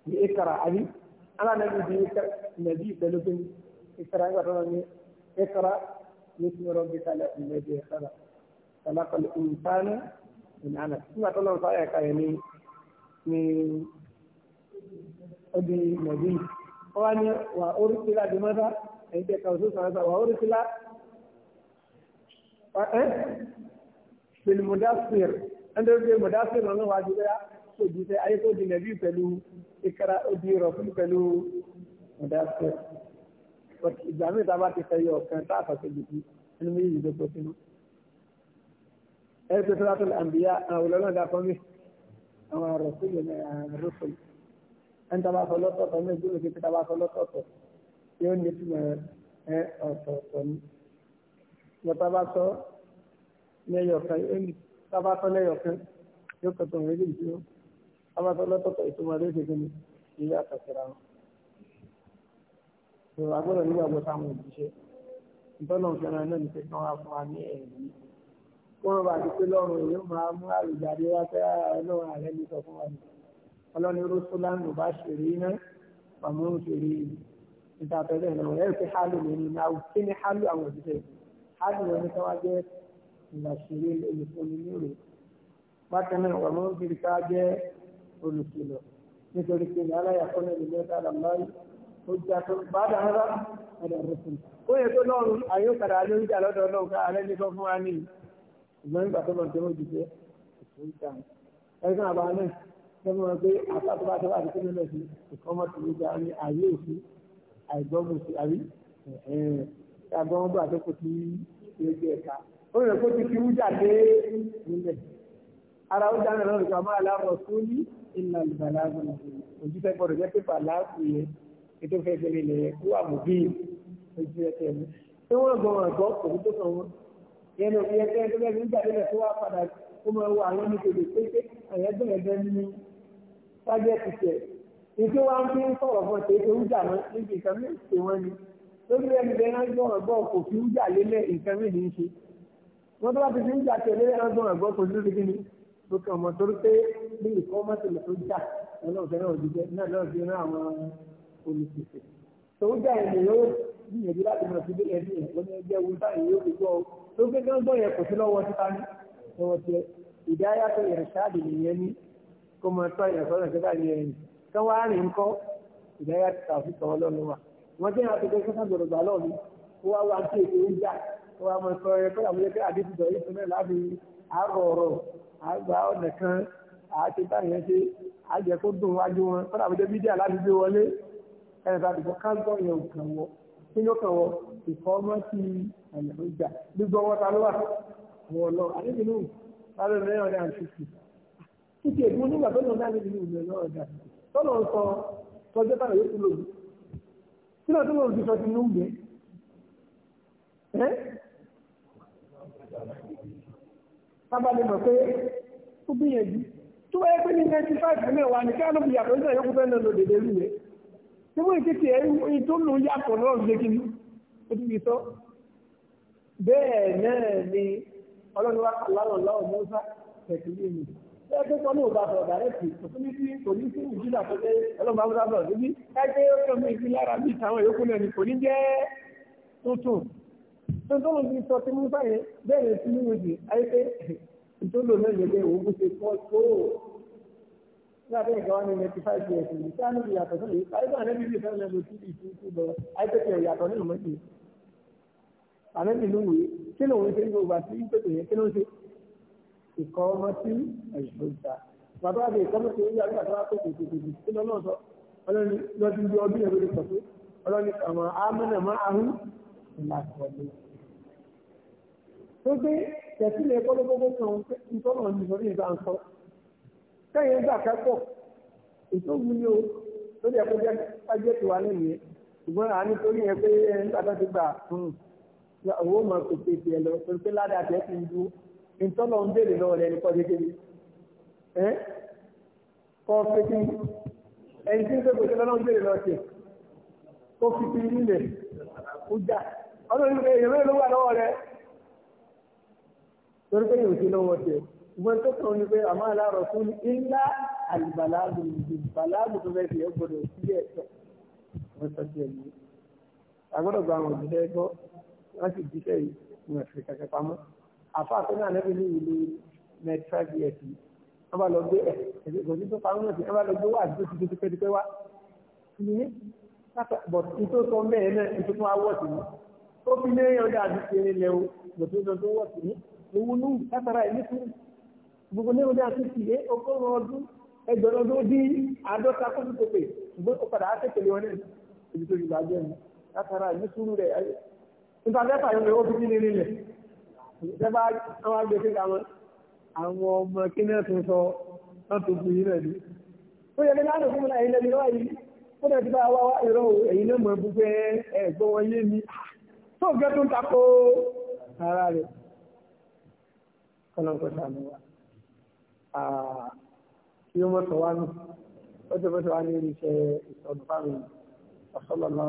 bí ikara àbí alánàbí bí ikara nàbí ìbẹ̀lógún ikara ìgbà tó náà اقرأ باسم ربك الذي خلق خلق الإنسان من علق nígbà tó lọ sọ ẹ̀ka ẹ̀ ní ní odi mọ̀bí ó wá ní wà orísìlá di mọ́tà ẹ̀yìn tẹ̀ kàwé sọ̀rọ̀ sọ̀rọ̀ wà orísìlá ẹ̀ fìlìmùdásìr ẹ̀ndé ojú mùdásìr lọ́nà wà jù bẹ́yà tó jù sẹ́ ayé tó di mẹ̀bí pẹ̀lú ìkara odi rọ̀ fún pẹ̀lú mùdásìr ìgbà míì tá a bá ti fẹ́ yọ ọ̀kan tá a fà ṣèjì sí ẹni méjì ló kó sínú. ẹgbẹ́ tó látọ̀ àǹbíyá àwọn olóòlù dà fún mi àwọn ọ̀rọ̀ sí ìlú àrùsọ̀lù ẹni tá a bá sọ lọ́tọ̀ọ̀tọ̀ ní ìgbìmọ̀ kí tá a bá sọ lọ́tọ̀ọ̀tọ̀ yóò ní ìtumọ̀ ẹ ọ̀tọ̀ọ̀tọ̀ ni. mo tá a bá sọ lẹ́yọ̀kan ẹni tá a bá sọ lẹ́yọ̀kan yóò kọ̀tọ̀ méjì dúró tá a bá sọ lọ́tọ̀ọ̀tọ̀ ìtumọ̀ ló ṣe tó agbọ́dọ̀ nígbàgbọ́ sáwọn òṣìṣẹ́ ìtọ́nà ìfẹ́ràn náà ní pé kí wọ́n fún wa ní ẹ̀rí kó wọ́n bá ti pé lọ́rùn èyí máa mú àrùjáde wá fẹ́ ah, ọlọ́run ààrẹ ní sọ fún wa ní ọlọ́ni rúṣúlánù bá ṣèrè iná pàmò ń ṣèrè níta tẹ́lẹ̀ náà ẹ̀rí pé hálù mi ni náà kí ni hálù àwọn òṣìṣẹ́ hálù wọn ní kí wọ́n jẹ́ ìgbà ṣèrè olùfúnni nírò bákan náà pàmò ń fi ká jẹ́ olùkìlọ̀ nítorí pé ní aláyàfọ́nà ìlú mẹ́ta làmáyé hujjatun ba'da hadha ala ar-rusul ó yẹ kó lọ́run àyè padà ló ń jà lọ́dọ̀ náà ká alẹ́ ní kan fún wa ní ìgbọ́n nígbà tó lọ sí ojú jẹ́ ìfúnjàn ẹgbẹ́ àbá náà tó mọ̀ pé àtàkùn bá tó wà ní kíni lọ sí ìkọ́mọ̀ tó ń jà ní àyè òsì àìgbọ́mù sí àrí àgbọ̀n bá tó kò sí ojú ẹ̀ka ó yẹ kó ti fi wújà dé nílẹ̀ ara ó dáná lọ́rùn kan ètò fẹ́ gbẹ̀rẹ̀ ilẹ̀ wà mú bí ojú ẹsẹ̀ mi tí wọ́n gbọ́n àgbọ̀ kò ní tó kàn wọ́n yẹn lọ yẹn tẹ́ ẹgbẹ́ mi ń gbà lẹ́lẹ̀ tó wá padà ó máa wọ àwọn oníkèdè pété àyẹ́ bẹ̀rẹ̀ bẹ́ ní tájẹ́tì tẹ̀ ètò wa ń fi ń sọ̀rọ̀ fún ọ̀tẹ̀ ètò ìjà wọn níbi nǹkan mi ṣe wọ́n ni lórí ẹni bẹ́ẹ̀ náà gbọ́n àgbọ̀ kò fi ń jà lélẹ̀ nǹkan mi ní í ṣe wọ́n tó bá ti fi ń jà náà gbọ́n àgbọ̀ kò ní lórí kí ọmọ olùsèsè sọ̀wọ́jà ènìyàn ó gbìyànjú láti mọ̀ sí bílẹ̀ bí ẹ̀kọ́ ní ẹgbẹ́ owó báyìí yóò fi gbọ́ ọ tó gbé gángan yẹn kò sí lọ́wọ́ títa ní lọ́wọ́ tiẹ̀ ìdáyà tó yẹn ṣáàdì nìyẹn ní kó mọ tọ́ yẹn sọ́nà síta ní ẹ̀yìn tó wá rìn kọ́ ìdáyà ti ta òfin sọ̀rọ̀ lọ́nu wa wọ́n tẹ́yìn àti gbẹ́sẹ̀ sàgbọ̀dọ̀ gbà lọ́ mi kó wá wá sí èdè oúnjà kó wá mọ sọ ẹ̀kọ́ àmúlẹ̀ pé àdébùdọ̀ yìí fún mẹ́rin láti àárọ̀ ọ̀rọ̀ àgbà ọ̀nà kan àti báyẹn ṣe àjẹkó dùn wájú wọn kó ẹ̀rọ àdìgbò kágbọ́ yẹn ò kàn wọ́ kí ló kàn wọ́ ìfọ́mọ́ ti ẹ̀nà ìjà gbígbọ́ ọwọ́ ta ló wà àwọn ọ̀nà àdébì lóhùn lábẹ́ mẹ́rin ọ̀dà àṣìṣì kíkì ègbó nígbà tó lọ láàrin ìlú ìlú ẹ̀rọ ọ̀dà tọ́lọ̀ ń sọ tọ́jọ́ tàbí yóò tún lòdì kí lọ́ọ́ tó lòdì ti sọ ti nú gbé ẹ́ sábàlẹ̀ mọ̀ pé ó gbìyànjú tó wáyé pé ní 95 mẹ́wàá ní kí á ló fi yàtọ̀ nígbà yókù fẹ́ lọ lòdì tí wọ́n ti tiẹ̀ ẹ̀yìn tó lò yàtọ̀ náà ṣe kí ni ó ti fi tọ́ bẹ́ẹ̀ náà ni ọlọ́run wa kàlálọ̀ lọ́wọ́ mọ́sá tẹ̀kílì mi ẹ pé kọ́ ní òbá sọ̀rọ̀ dàrẹ́tì kò ní sí kò ní sí ìjìlá tó pé ọlọ́run bá sọ̀rọ̀ níbi kájé ó tọ́ mi sí lára bí ìtàwọn yòókù náà ni kò ní jẹ́ tuntun tuntun ló ti sọ tí mo bá bẹ́ẹ̀ ni tí mo ayé pé ìtòlò náà yẹ lábẹ́ ìgbàwá ní ninety five years ní sáà níbi ìyàtọ̀ sílẹ̀ yìí àyíká ànẹ́bí bíi fẹ́ lẹ́nu tí ìtú kú lọ àìpẹ́kẹ̀ ìyàtọ̀ nínú mọ́tì ànẹ́bí ló wèé kí ló ń ṣe ní gbogbo àti ìpẹ́kẹ̀ yẹn kí ló ń ṣe ìkọ́ ọmọ tí ẹ̀ṣọ́ta bàbá àti ìkọ́ mọ́tì ìyá nígbà tó wá pé kò tètè bì kí lọ́nà sọ ọlọ́ni lọ́dún bí ọdún yẹn ló ti pọ̀ tó ọlọ́ni àwọn amúnà máa ahú ìlàkọ̀ọ́lẹ̀ tó gbé tẹ̀sílẹ̀ kọ́lọ́gbọ́gbọ́ kan ìtọ́nà ìsọ̀rí ìgbà ń sọ kẹ́yìn gbà kẹ́kọ̀ọ́ ètò wù o lórí ẹ̀kọ́ jẹ́ kájẹ́ tiwa lẹ́nu yẹn ṣùgbọ́n à nítorí yẹn pé nígbàdàn ti gbà hmm, owó mọ̀ tiẹ̀ lọ torí pé ládàá tiẹ̀ ti ń ń lọ́wọ́ rẹ̀ ẹ́ kọ́ ẹni tí ń lọ́nà ń lọ́wọ́ tiẹ̀ kó fi ti nílẹ̀ kó ìwọ́n tó kàn ní pé àmọ́ aláàrọ̀ fún ilá àlùbàláàbù ìbàláàbù tó fẹ́ fi ẹ́ gbọ́dọ̀ sílẹ̀ ẹ̀tọ́ wọ́n sọ sí ẹ̀mí agbọ́dọ̀ gba àwọn òṣìṣẹ́ gbọ́ wọ́n sì jíṣẹ́ yìí wọ́n fi kẹ̀kẹ́ pamọ́ àfa àtọ́nà àlẹ́bí ní ìlú mẹ́tíráì bs yìí wọ́n bá lọ gbé ẹ̀ ẹ̀sìn tó pamọ́ náà sí wọ́n bá lọ gbé wá àdúgbò tuntun tó pẹ́ wá ìyẹn bọ̀tí tó sọ mẹ́ẹ̀ náà ìtúkún awọ́sì ní gbogbo ní ọdún àti ìṣìlẹ̀ ọgọ́rùn-ún ọdún ẹgbẹ̀rún ọdún bí àádọ́ta kọ́sí tó pè ṣùgbọ́n ó padà á tẹ̀lé wọn náà ibi tó yìí bàjẹ́ ni látara ìní sùúrù rẹ̀ ayé nípa mẹ́fà yóò lè ó fi kíni nílẹ̀ ìjọba àwọn agbègbè àwọn àwọn ọmọ kíní ẹ̀ tó sọ wọ́n tó fi yín náà ni. ó yẹ kí láàrín òfin náà ẹ̀yin lẹ́ni wáyé ó dẹ̀ ti bá wa wá ìrọ̀ ẹ̀yin náà mọ̀ ẹ̀bùn pé ń takò ara rẹ̀ kọ́nà kí ó mọ́sọ̀ wá nù ó ti mọ́sọ̀ wá ní iṣẹ́ ìsọ̀dùn fáwọn ọ̀sọ́lọ́lọ́